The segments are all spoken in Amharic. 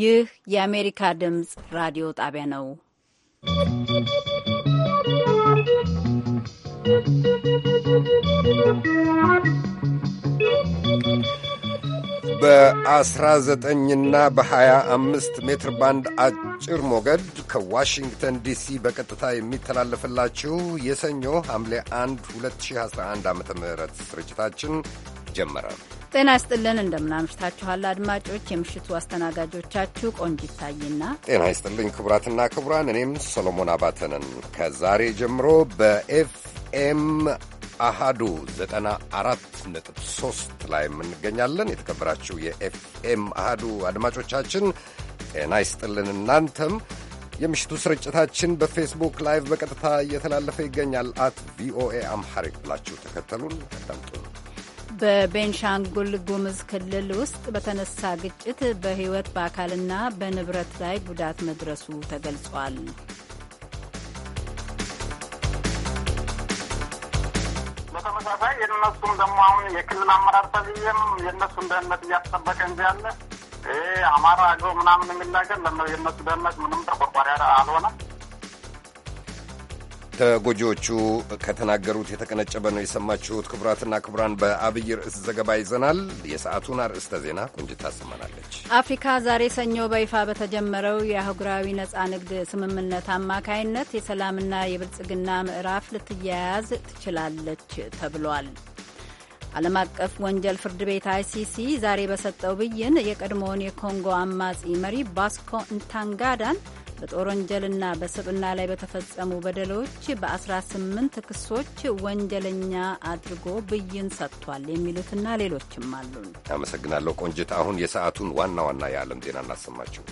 ይህ የአሜሪካ ድምፅ ራዲዮ ጣቢያ ነው። በ19ና በ25 ሜትር ባንድ አጭር ሞገድ ከዋሽንግተን ዲሲ በቀጥታ የሚተላለፍላችሁ የሰኞ ሐምሌ 1 2011 ዓ ም ስርጭታችን ጀመረ። ጤና ይስጥልን እንደምናምሽታችኋል አድማጮች። የምሽቱ አስተናጋጆቻችሁ ቆንጅ ይታይና፣ ጤና ይስጥልኝ ክቡራትና ክቡራን፣ እኔም ሰሎሞን አባተንን ከዛሬ ጀምሮ በኤፍኤም አሃዱ 94.3 ላይ የምንገኛለን። የተከበራችሁ የኤፍኤም አሃዱ አድማጮቻችን ጤና ይስጥልን እናንተም። የምሽቱ ስርጭታችን በፌስቡክ ላይቭ በቀጥታ እየተላለፈ ይገኛል። አት ቪኦኤ አምሐሪክ ብላችሁ ተከተሉን አዳምጡን። በቤንሻንጉል ጉምዝ ክልል ውስጥ በተነሳ ግጭት በሕይወት በአካልና በንብረት ላይ ጉዳት መድረሱ ተገልጿል። በተመሳሳይ የነሱም ደግሞ አሁን የክልል አመራር ተብዬም የእነሱን ደህንነት እያስጠበቀ እንጂ ያለ አማራ አገው ምናምን የሚል ነገር የእነሱ ደህንነት ምንም ተቆርቋሪ አልሆነም። ተጎጂዎቹ ከተናገሩት የተቀነጨበ ነው የሰማችሁት። ክቡራትና ክቡራን በአብይ ርዕስ ዘገባ ይዘናል። የሰዓቱን አርዕስተ ዜና ቁንጅት ታሰማናለች። አፍሪካ ዛሬ ሰኞ በይፋ በተጀመረው የአህጉራዊ ነጻ ንግድ ስምምነት አማካይነት የሰላምና የብልጽግና ምዕራፍ ልትያያዝ ትችላለች ተብሏል። ዓለም አቀፍ ወንጀል ፍርድ ቤት አይሲሲ ዛሬ በሰጠው ብይን የቀድሞውን የኮንጎ አማጺ መሪ ባስኮ እንታንጋዳን በጦር ወንጀልና በስብና ላይ በተፈጸሙ በደሎች በ18 ክሶች ወንጀለኛ አድርጎ ብይን ሰጥቷል የሚሉትና ሌሎችም አሉ። አመሰግናለሁ ቆንጅት። አሁን የሰዓቱን ዋና ዋና የዓለም ዜና እናሰማችሁ።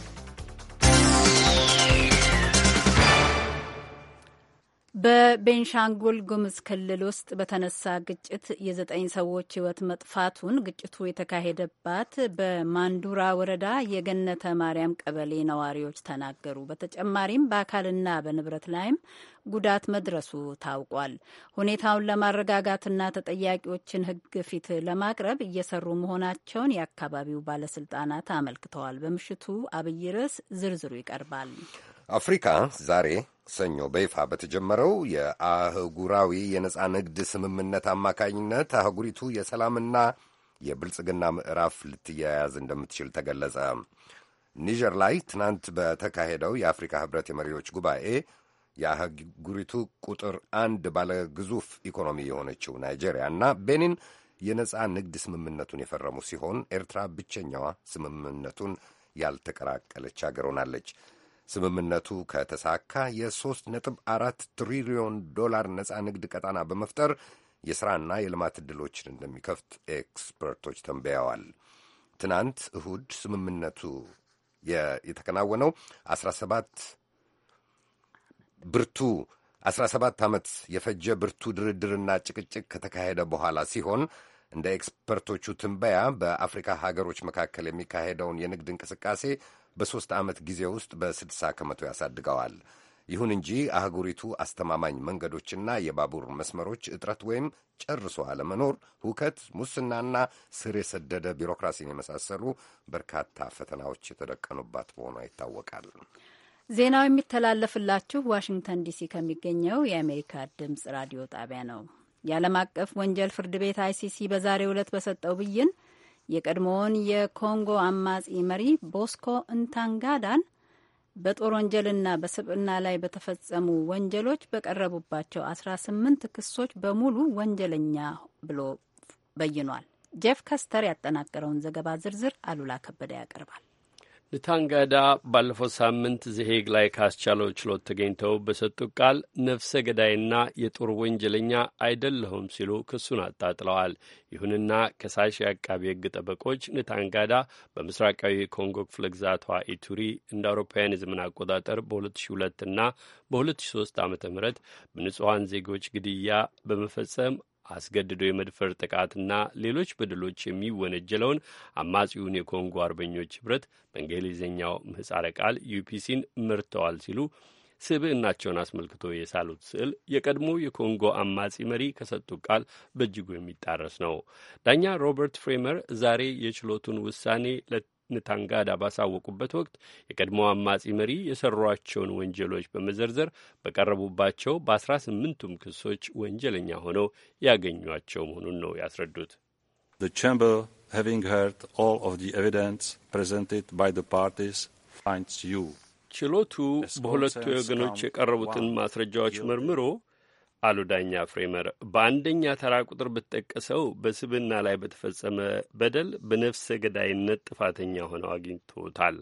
በቤንሻንጉል ጉምዝ ክልል ውስጥ በተነሳ ግጭት የዘጠኝ ሰዎች ሕይወት መጥፋቱን ግጭቱ የተካሄደባት በማንዱራ ወረዳ የገነተ ማርያም ቀበሌ ነዋሪዎች ተናገሩ። በተጨማሪም በአካልና በንብረት ላይም ጉዳት መድረሱ ታውቋል። ሁኔታውን ለማረጋጋትና ተጠያቂዎችን ሕግ ፊት ለማቅረብ እየሰሩ መሆናቸውን የአካባቢው ባለስልጣናት አመልክተዋል። በምሽቱ አብይ ርዕስ ዝርዝሩ ይቀርባል። አፍሪካ ዛሬ ሰኞ በይፋ በተጀመረው የአህጉራዊ የነፃ ንግድ ስምምነት አማካኝነት አህጉሪቱ የሰላምና የብልጽግና ምዕራፍ ልትያያዝ እንደምትችል ተገለጸ። ኒጀር ላይ ትናንት በተካሄደው የአፍሪካ ህብረት የመሪዎች ጉባኤ የአህጉሪቱ ቁጥር አንድ ባለ ግዙፍ ኢኮኖሚ የሆነችው ናይጄሪያ እና ቤኒን የነፃ ንግድ ስምምነቱን የፈረሙ ሲሆን ኤርትራ ብቸኛዋ ስምምነቱን ያልተቀራቀለች አገር ሆናለች። ስምምነቱ ከተሳካ የ3.4 ትሪሊዮን ዶላር ነፃ ንግድ ቀጣና በመፍጠር የሥራና የልማት ዕድሎችን እንደሚከፍት ኤክስፐርቶች ተንበያዋል። ትናንት እሁድ ስምምነቱ የተከናወነው 17 ብርቱ 17 ዓመት የፈጀ ብርቱ ድርድርና ጭቅጭቅ ከተካሄደ በኋላ ሲሆን እንደ ኤክስፐርቶቹ ትንበያ በአፍሪካ ሀገሮች መካከል የሚካሄደውን የንግድ እንቅስቃሴ በሦስት ዓመት ጊዜ ውስጥ በስድሳ ከመቶ ያሳድገዋል። ይሁን እንጂ አህጉሪቱ አስተማማኝ መንገዶችና የባቡር መስመሮች እጥረት ወይም ጨርሶ አለመኖር፣ ሁከት፣ ሙስናና ስር የሰደደ ቢሮክራሲን የመሳሰሉ በርካታ ፈተናዎች የተደቀኑባት መሆኗ ይታወቃል። ዜናው የሚተላለፍላችሁ ዋሽንግተን ዲሲ ከሚገኘው የአሜሪካ ድምፅ ራዲዮ ጣቢያ ነው። የዓለም አቀፍ ወንጀል ፍርድ ቤት አይሲሲ በዛሬው ዕለት በሰጠው ብይን የቀድሞውን የኮንጎ አማጺ መሪ ቦስኮ እንታንጋዳን በጦር ወንጀልና በስብዕና ላይ በተፈጸሙ ወንጀሎች በቀረቡባቸው አስራ ስምንት ክሶች በሙሉ ወንጀለኛ ብሎ በይኗል። ጄፍ ከስተር ያጠናቀረውን ዘገባ ዝርዝር አሉላ ከበደ ያቀርባል። ልታንጋዳ ባለፈው ሳምንት ዘሄግ ላይ ካስቻለው ችሎት ተገኝተው በሰጡት ቃል ነፍሰ ገዳይና የጦር ወንጀለኛ አይደለሁም ሲሉ ክሱን አጣጥለዋል። ይሁንና ከሳሽ የአቃቢ ሕግ ጠበቆች ንታንጋዳ በምስራቃዊ ኮንጎ ክፍለ ግዛቷ ኢቱሪ እንደ አውሮፓውያን የዘመን አቆጣጠር በ2002 ና በ2003 ዓ ም በንጹሐን ዜጎች ግድያ በመፈጸም አስገድዶ የመድፈር ጥቃትና ሌሎች በደሎች የሚወነጀለውን አማጺውን የኮንጎ አርበኞች ህብረት በእንግሊዝኛው ምህጻረ ቃል ዩፒሲን መርተዋል ሲሉ ስብዕናቸውን አስመልክቶ የሳሉት ስዕል የቀድሞ የኮንጎ አማጺ መሪ ከሰጡት ቃል በእጅጉ የሚጣረስ ነው። ዳኛ ሮበርት ፍሬመር ዛሬ የችሎቱን ውሳኔ ንታንጋዳ ባሳወቁበት ወቅት የቀድሞ አማጺ መሪ የሰሯቸውን ወንጀሎች በመዘርዘር በቀረቡባቸው በአስራ ስምንቱም ክሶች ወንጀለኛ ሆነው ያገኟቸው መሆኑን ነው ያስረዱት። The chamber, having heard all of the evidence presented by the parties, finds you ችሎቱ በሁለቱ ወገኖች የቀረቡትን ማስረጃዎች መርምሮ አሉ ዳኛ ፍሬመር። በአንደኛ ተራ ቁጥር ብትጠቀሰው በስብና ላይ በተፈጸመ በደል በነፍሰ ገዳይነት ጥፋተኛ ሆነው አግኝቶታል።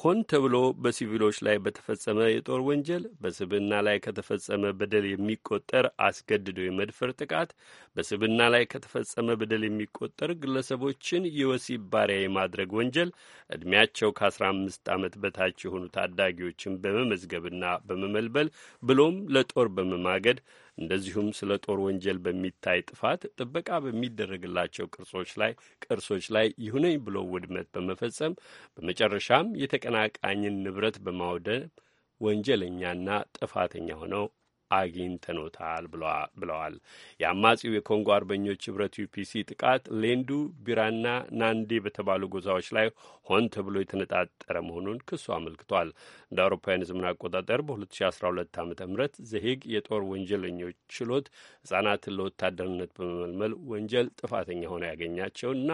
ሆን ተብሎ በሲቪሎች ላይ በተፈጸመ የጦር ወንጀል በስብና ላይ ከተፈጸመ በደል የሚቆጠር አስገድዶ የመድፈር ጥቃት በስብና ላይ ከተፈጸመ በደል የሚቆጠር ግለሰቦችን የወሲብ ባሪያ የማድረግ ወንጀል ዕድሜያቸው ከ15 ዓመት በታች የሆኑ ታዳጊዎችን በመመዝገብና በመመልበል ብሎም ለጦር በመማገድ እንደዚሁም ስለ ጦር ወንጀል በሚታይ ጥፋት ጥበቃ በሚደረግላቸው ቅርሶች ላይ ቅርሶች ላይ ይሁነኝ ብሎ ውድመት በመፈጸም በመጨረሻም የተቀናቃኝን ንብረት በማውደም ወንጀለኛና ጥፋተኛ ሆነው አግኝተኖታል ብለዋል። የአማጺው የኮንጎ አርበኞች ህብረት ዩፒሲ ጥቃት ሌንዱ ቢራና ናንዴ በተባሉ ጎዛዎች ላይ ሆን ተብሎ የተነጣጠረ መሆኑን ክሱ አመልክቷል። እንደ አውሮፓውያን ዘመን አቆጣጠር በ2012 ዓ ም ዘሄግ የጦር ወንጀለኞች ችሎት ህጻናትን ለወታደርነት በመመልመል ወንጀል ጥፋተኛ ሆነው ያገኛቸውና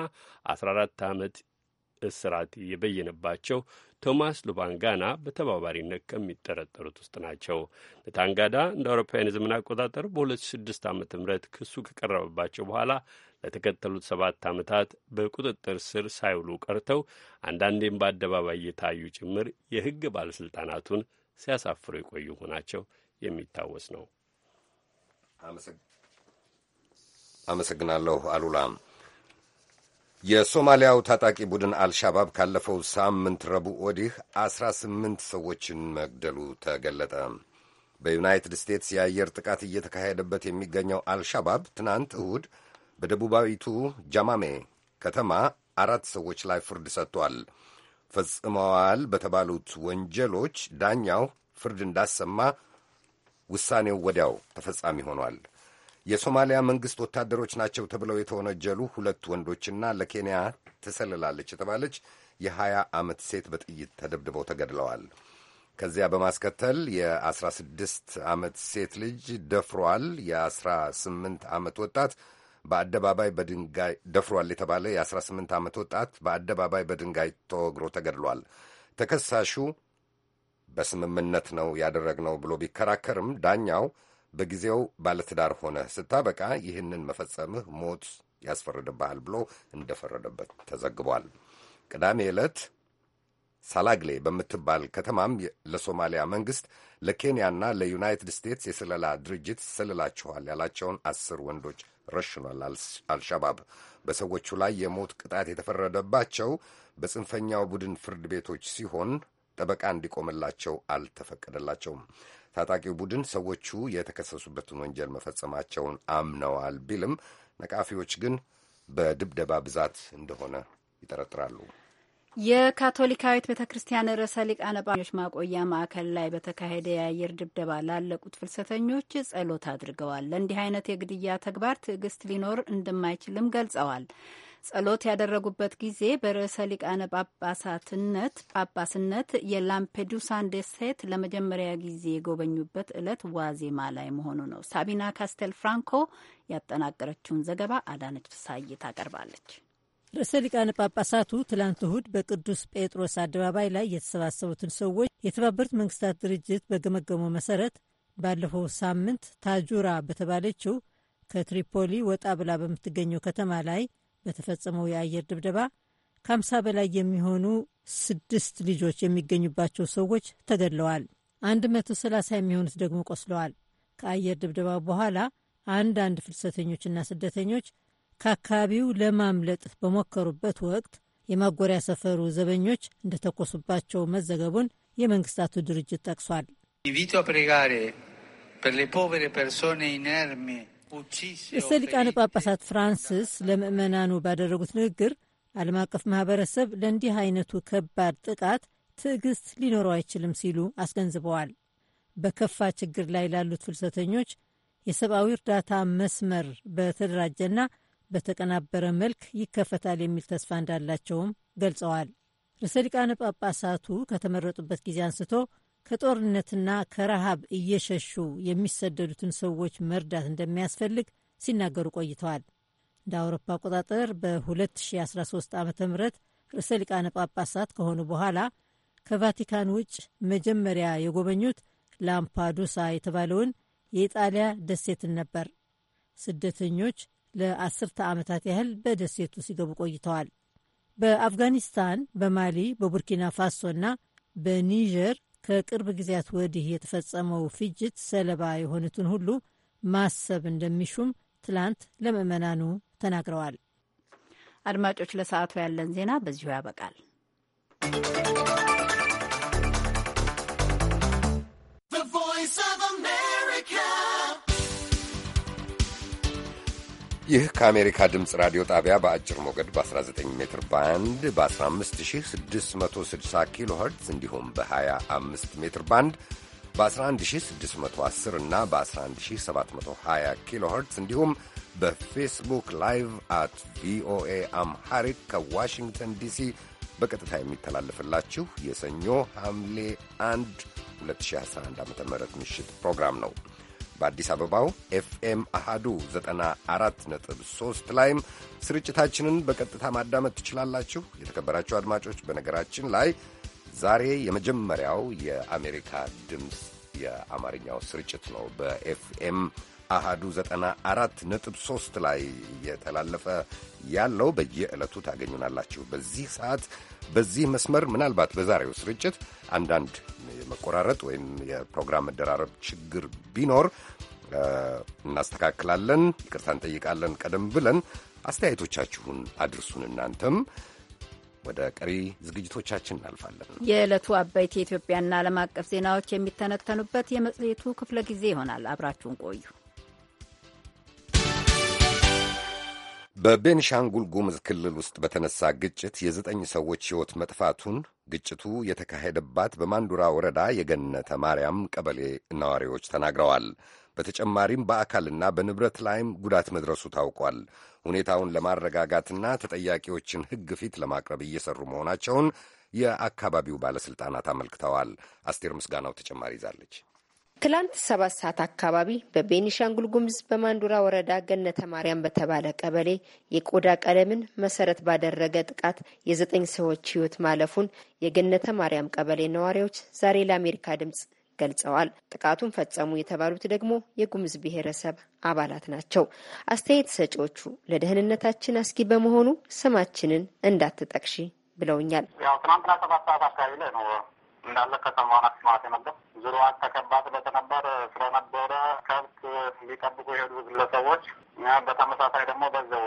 14 ዓመት እስራት የበየነባቸው ቶማስ ሉባንጋና በተባባሪነት ከሚጠረጠሩት ውስጥ ናቸው። ነታንጋዳ እንደ አውሮፓውያን የዘመን አቆጣጠር በ2006 ዓ ም ክሱ ከቀረበባቸው በኋላ ለተከተሉት ሰባት ዓመታት በቁጥጥር ስር ሳይውሉ ቀርተው አንዳንዴም በአደባባይ የታዩ ጭምር የሕግ ባለሥልጣናቱን ሲያሳፍሩ የቆዩ መሆናቸው የሚታወስ ነው። አመሰግናለሁ አሉላም። የሶማሊያው ታጣቂ ቡድን አልሻባብ ካለፈው ሳምንት ረቡዕ ወዲህ አስራ ስምንት ሰዎችን መግደሉ ተገለጠ። በዩናይትድ ስቴትስ የአየር ጥቃት እየተካሄደበት የሚገኘው አልሻባብ ትናንት እሁድ በደቡባዊቱ ጃማሜ ከተማ አራት ሰዎች ላይ ፍርድ ሰጥቷል። ፈጽመዋል በተባሉት ወንጀሎች ዳኛው ፍርድ እንዳሰማ ውሳኔው ወዲያው ተፈጻሚ ሆኗል። የሶማሊያ መንግስት ወታደሮች ናቸው ተብለው የተወነጀሉ ሁለት ወንዶችና ለኬንያ ትሰልላለች የተባለች የሀያ ዓመት ሴት በጥይት ተደብድበው ተገድለዋል። ከዚያ በማስከተል የ16 ዓመት ሴት ልጅ ደፍሯል፣ የ18 ዓመት ወጣት በአደባባይ በድንጋይ ደፍሯል የተባለ የ18 ዓመት ወጣት በአደባባይ በድንጋይ ተወግሮ ተገድሏል። ተከሳሹ በስምምነት ነው ያደረግነው ብሎ ቢከራከርም ዳኛው በጊዜው ባለትዳር ሆነህ ስታበቃ ይህንን መፈጸምህ ሞት ያስፈረድብሃል ብሎ እንደፈረደበት ተዘግቧል። ቅዳሜ ዕለት ሳላግሌ በምትባል ከተማም ለሶማሊያ መንግስት ለኬንያና ለዩናይትድ ስቴትስ የስለላ ድርጅት ስልላችኋል ያላቸውን አስር ወንዶች ረሽኗል። አልሸባብ። በሰዎቹ ላይ የሞት ቅጣት የተፈረደባቸው በጽንፈኛው ቡድን ፍርድ ቤቶች ሲሆን ጠበቃ እንዲቆምላቸው አልተፈቀደላቸውም። ታጣቂው ቡድን ሰዎቹ የተከሰሱበትን ወንጀል መፈጸማቸውን አምነዋል ቢልም ነቃፊዎች ግን በድብደባ ብዛት እንደሆነ ይጠረጥራሉ። የካቶሊካዊት ቤተ ክርስቲያን ርዕሰ ሊቃነ ማቆያ ማዕከል ላይ በተካሄደ የአየር ድብደባ ላለቁት ፍልሰተኞች ጸሎት አድርገዋል። ለእንዲህ አይነት የግድያ ተግባር ትዕግስት ሊኖር እንደማይችልም ገልጸዋል። ጸሎት ያደረጉበት ጊዜ በርዕሰ ሊቃነ ጳጳሳትነት ጳጳስነት የላምፔዱሳን ደሴት ለመጀመሪያ ጊዜ የጎበኙበት ዕለት ዋዜማ ላይ መሆኑ ነው። ሳቢና ካስቴል ፍራንኮ ያጠናቀረችውን ዘገባ አዳነች ፍሳይ ታቀርባለች። ርዕሰ ሊቃነ ጳጳሳቱ ትላንት እሁድ በቅዱስ ጴጥሮስ አደባባይ ላይ የተሰባሰቡትን ሰዎች የተባበሩት መንግስታት ድርጅት በገመገመው መሰረት ባለፈው ሳምንት ታጁራ በተባለችው ከትሪፖሊ ወጣ ብላ በምትገኘው ከተማ ላይ በተፈጸመው የአየር ድብደባ ከ ምሳ በላይ የሚሆኑ ስድስት ልጆች የሚገኙባቸው ሰዎች ተገድለዋል። ሰላሳ የሚሆኑት ደግሞ ቆስለዋል። ከአየር ድብደባ በኋላ አንዳንድ ፍልሰተኞችና ስደተኞች ከአካባቢው ለማምለጥ በሞከሩበት ወቅት የማጎሪያ ሰፈሩ ዘበኞች እንደተኮሱባቸው መዘገቡን የመንግስታቱ ድርጅት ጠቅሷል። ርዕሰ ሊቃነ ጳጳሳት ፍራንስስ ለምእመናኑ ባደረጉት ንግግር ዓለም አቀፍ ማህበረሰብ ለእንዲህ አይነቱ ከባድ ጥቃት ትዕግስት ሊኖረው አይችልም ሲሉ አስገንዝበዋል። በከፋ ችግር ላይ ላሉት ፍልሰተኞች የሰብአዊ እርዳታ መስመር በተደራጀና በተቀናበረ መልክ ይከፈታል የሚል ተስፋ እንዳላቸውም ገልጸዋል። ርዕሰ ሊቃነ ጳጳሳቱ ከተመረጡበት ጊዜ አንስቶ ከጦርነትና ከረሃብ እየሸሹ የሚሰደዱትን ሰዎች መርዳት እንደሚያስፈልግ ሲናገሩ ቆይተዋል። እንደ አውሮፓ አቆጣጠር በ2013 ዓ ም ርዕሰ ሊቃነ ጳጳሳት ከሆኑ በኋላ ከቫቲካን ውጭ መጀመሪያ የጎበኙት ላምፓዱሳ የተባለውን የኢጣሊያ ደሴትን ነበር። ስደተኞች ለአስርተ ዓመታት ያህል በደሴቱ ሲገቡ ቆይተዋል። በአፍጋኒስታን፣ በማሊ፣ በቡርኪና ፋሶ እና በኒጀር ከቅርብ ጊዜያት ወዲህ የተፈጸመው ፍጅት ሰለባ የሆኑትን ሁሉ ማሰብ እንደሚሹም ትላንት ለምዕመናኑ ተናግረዋል። አድማጮች፣ ለሰዓቱ ያለን ዜና በዚሁ ያበቃል። ይህ ከአሜሪካ ድምፅ ራዲዮ ጣቢያ በአጭር ሞገድ በ19 ሜትር ባንድ በ15660 ኪሎ ኸርትዝ እንዲሁም በ25 ሜትር ባንድ በ11610 እና በ11720 ኪሎ ኸርትዝ እንዲሁም በፌስቡክ ላይቭ አት ቪኦኤ አምሃሪክ ከዋሽንግተን ዲሲ በቀጥታ የሚተላለፍላችሁ የሰኞ ሐምሌ 1 2011 ዓ ም ምሽት ፕሮግራም ነው። በአዲስ አበባው ኤፍኤም አሃዱ 94.3 ላይም ስርጭታችንን በቀጥታ ማዳመጥ ትችላላችሁ። የተከበራችሁ አድማጮች፣ በነገራችን ላይ ዛሬ የመጀመሪያው የአሜሪካ ድምፅ የአማርኛው ስርጭት ነው በኤፍኤም አሃዱ 94.3 ላይ እየተላለፈ ያለው በየዕለቱ ታገኙናላችሁ። በዚህ ሰዓት በዚህ መስመር ምናልባት በዛሬው ስርጭት አንዳንድ የመቆራረጥ ወይም የፕሮግራም መደራረብ ችግር ቢኖር እናስተካክላለን፣ ይቅርታ እንጠይቃለን። ቀደም ብለን አስተያየቶቻችሁን አድርሱን። እናንተም ወደ ቀሪ ዝግጅቶቻችን እናልፋለን። የዕለቱ አበይት የኢትዮጵያና ዓለም አቀፍ ዜናዎች የሚተነተኑበት የመጽሔቱ ክፍለ ጊዜ ይሆናል። አብራችሁን ቆዩ። በቤንሻንጉል ጉሙዝ ክልል ውስጥ በተነሳ ግጭት የዘጠኝ ሰዎች ሕይወት መጥፋቱን ግጭቱ የተካሄደባት በማንዱራ ወረዳ የገነተ ማርያም ቀበሌ ነዋሪዎች ተናግረዋል። በተጨማሪም በአካልና በንብረት ላይም ጉዳት መድረሱ ታውቋል። ሁኔታውን ለማረጋጋትና ተጠያቂዎችን ሕግ ፊት ለማቅረብ እየሰሩ መሆናቸውን የአካባቢው ባለሥልጣናት አመልክተዋል። አስቴር ምስጋናው ተጨማሪ ይዛለች። ትላንት ሰባት ሰዓት አካባቢ በቤኒሻንጉል ጉሙዝ በማንዱራ ወረዳ ገነተ ማርያም በተባለ ቀበሌ የቆዳ ቀለምን መሰረት ባደረገ ጥቃት የዘጠኝ ሰዎች ሕይወት ማለፉን የገነተ ማርያም ቀበሌ ነዋሪዎች ዛሬ ለአሜሪካ ድምጽ ገልጸዋል። ጥቃቱን ፈጸሙ የተባሉት ደግሞ የጉሙዝ ብሔረሰብ አባላት ናቸው። አስተያየት ሰጪዎቹ ለደህንነታችን አስጊ በመሆኑ ስማችንን እንዳትጠቅሺ ብለውኛል። ያው ትናንትና ሰባት ሰዓት አካባቢ ላይ ነው እንዳለ ከተማዋን አስማት ነበር። ዙሪዋ ተከባ ስለተነበር ስለነበረ ከብት ሊጠብቁ የሄዱ ግለሰቦች በተመሳሳይ ደግሞ በዘው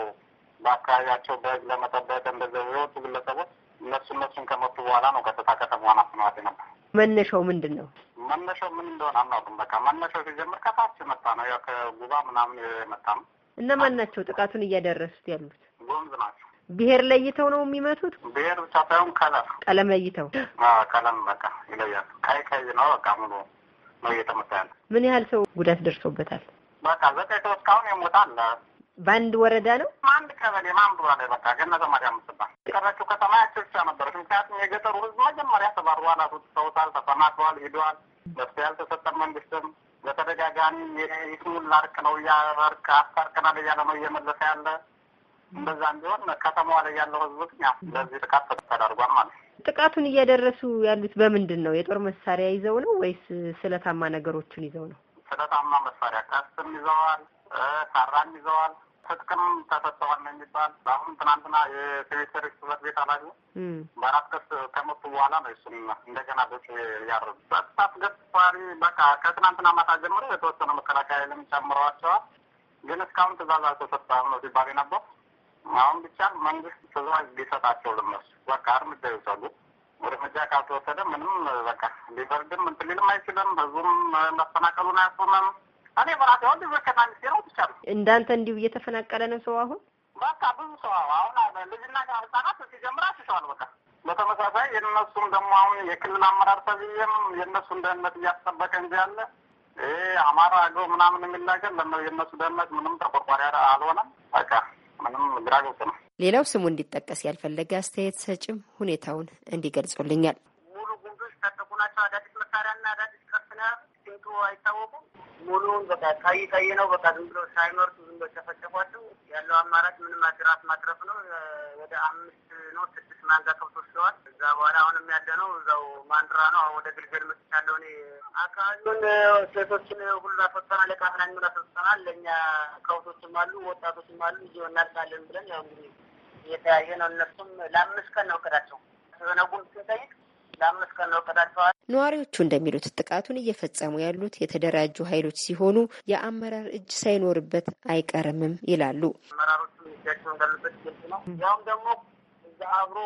በአካባቢያቸው በህግ ለመጠበቅ እንደዘው የወጡ ግለሰቦች እነሱ እነሱን ከመቱ በኋላ ነው ቀጥታ ከተማዋን አስማት ነበር። መነሻው ምንድን ነው? መነሻው ምን እንደሆነ አናውቅም። በቃ መነሻው ሲጀምር ከታች የመጣ ነው። ያው ከጉባ ምናምን የመጣ ነው። እነማን ናቸው ጥቃቱን እያደረሱት ያሉት? ጎምዝ ናቸው። ብሄር ለይተው ነው የሚመቱት። ብሄር ብቻ ሳይሆን ቀለም ቀለም ለይተው ቀለም በቃ ይለያል። ቀይ ቀይ ነው በቃ ሙሉ ነው እየተመታ ያለ። ምን ያህል ሰው ጉዳት ደርሶበታል? በቃ ዘጠኝ ሰው እስካሁን የሞታል። በአንድ ወረዳ ነው አንድ ቀበሌ ማንድ ወረዳ በቃ ገነተ ማርያም ትባል ቀረችው ከተማ ያቸውቻ ብቻ ነበረች። ምክንያቱም የገጠሩ ህዝብ መጀመሪያ ተባሯል፣ አስወጥተውታል፣ ተፈናቅሏል፣ ሂደዋል። መፍትሄ ያልተሰጠ መንግስትም በተደጋጋሚ የኢስሙላ እርቅ ነው እርቅ አስታርቀናል እያለ ነው እየመለሰ ያለ በዛም ቢሆን ከተማዋ ላይ ያለው ህዝብ ግን ለዚህ ጥቃት ተደርጓል ማለት ነው። ጥቃቱን እያደረሱ ያሉት በምንድን ነው? የጦር መሳሪያ ይዘው ነው ወይስ ስለታማ ነገሮችን ይዘው ነው? ስለታማ መሳሪያ ቀስም ይዘዋል፣ ካራም ይዘዋል፣ ትጥቅም ተሰጥተዋል ነው የሚባል። አሁን ትናንትና የሲቪል ሰርቪስ ጽሕፈት ቤት ኃላፊ በአራት ቀስ ከመቱ በኋላ ነው እሱም እንደገና በጭ ያረዱ በጣት ገፋሪ በቃ ከትናንትና ማታ ጀምሮ የተወሰነ መከላከያ ልም ጨምረዋቸዋል። ግን እስካሁን ትእዛዝ አልተሰጠም ነው ሲባል ነበር አሁን ብቻ መንግስት ትዕዛዝ ሊሰጣቸው ልነሱ በቃ እርምጃ ይውሰዱ። እርምጃ ካልተወሰደ ምንም በቃ ሊፈርድም እንትን ሊልም አይችልም። ህዝቡም መፈናቀሉን አያስቆመም። እኔ በራሴ ወንድ ዘከታ ሚስቴረው ብቻ ነው። እንዳንተ እንዲሁ እየተፈናቀለ ነው ሰው አሁን በቃ ብዙ ሰው አሁን ልጅና ህጻናት ሲጀምር አሽሸዋል። በቃ በተመሳሳይ የነሱም ደግሞ አሁን የክልል አመራር ሰብዬም የእነሱን ደህንነት እያስጠበቀ እንጂ ያለ አማራ አገው ምናምን የሚል ነገር የእነሱ ደህንነት ምንም ተቆርቋሪ አልሆነም። በቃ ምንም ግራገጽ ነው። ሌላው ስሙ እንዲጠቀስ ያልፈለገ አስተያየት ሰጭም ሁኔታውን እንዲገልጹልኛል። ሙሉ ጉንዶች ታጠቁ ናቸው። አዳዲስ መሳሪያና አዳዲስ ቀፍና ሲንቱ አይታወቁም። ሙሉውን በቃ ቀይ ቀይ ነው። በቃ ዝም ብሎ ሳይመርጡ ዝም ብሎ ተፈጨፏቸው ያለው አማራጭ ምንም አድራት ማትረፍ ነው። ወደ አምስት ነው ስድስት ማንጋ ከብት ወስደዋል። እዛ በኋላ አሁንም ያለ ነው እዛው ማንድራ ነው። አሁን ወደ ግልገል መጥቻለሁ እኔ። አካባቢውን ሴቶችን ሁሉ አስወጥተናል። የካፍና ሚሆን አስወጥተናል። ለእኛ ከብቶችም አሉ ወጣቶችም አሉ እዚ እናልቃለን ብለን ያው እንግዲህ እየተያየ ነው። እነሱም ለአምስት ቀን ነው እቅዳቸው ሆነ ጉም ስንጠይቅ ለአምስት ቀን ነው ነዋሪዎቹ እንደሚሉት ጥቃቱን እየፈጸሙ ያሉት የተደራጁ ኃይሎች ሲሆኑ የአመራር እጅ ሳይኖርበት አይቀርምም ይላሉ። አመራሮቹ እጃቸው እንዳለበት ግልጽ ነው። ያውም ደግሞ እዛ አብሮ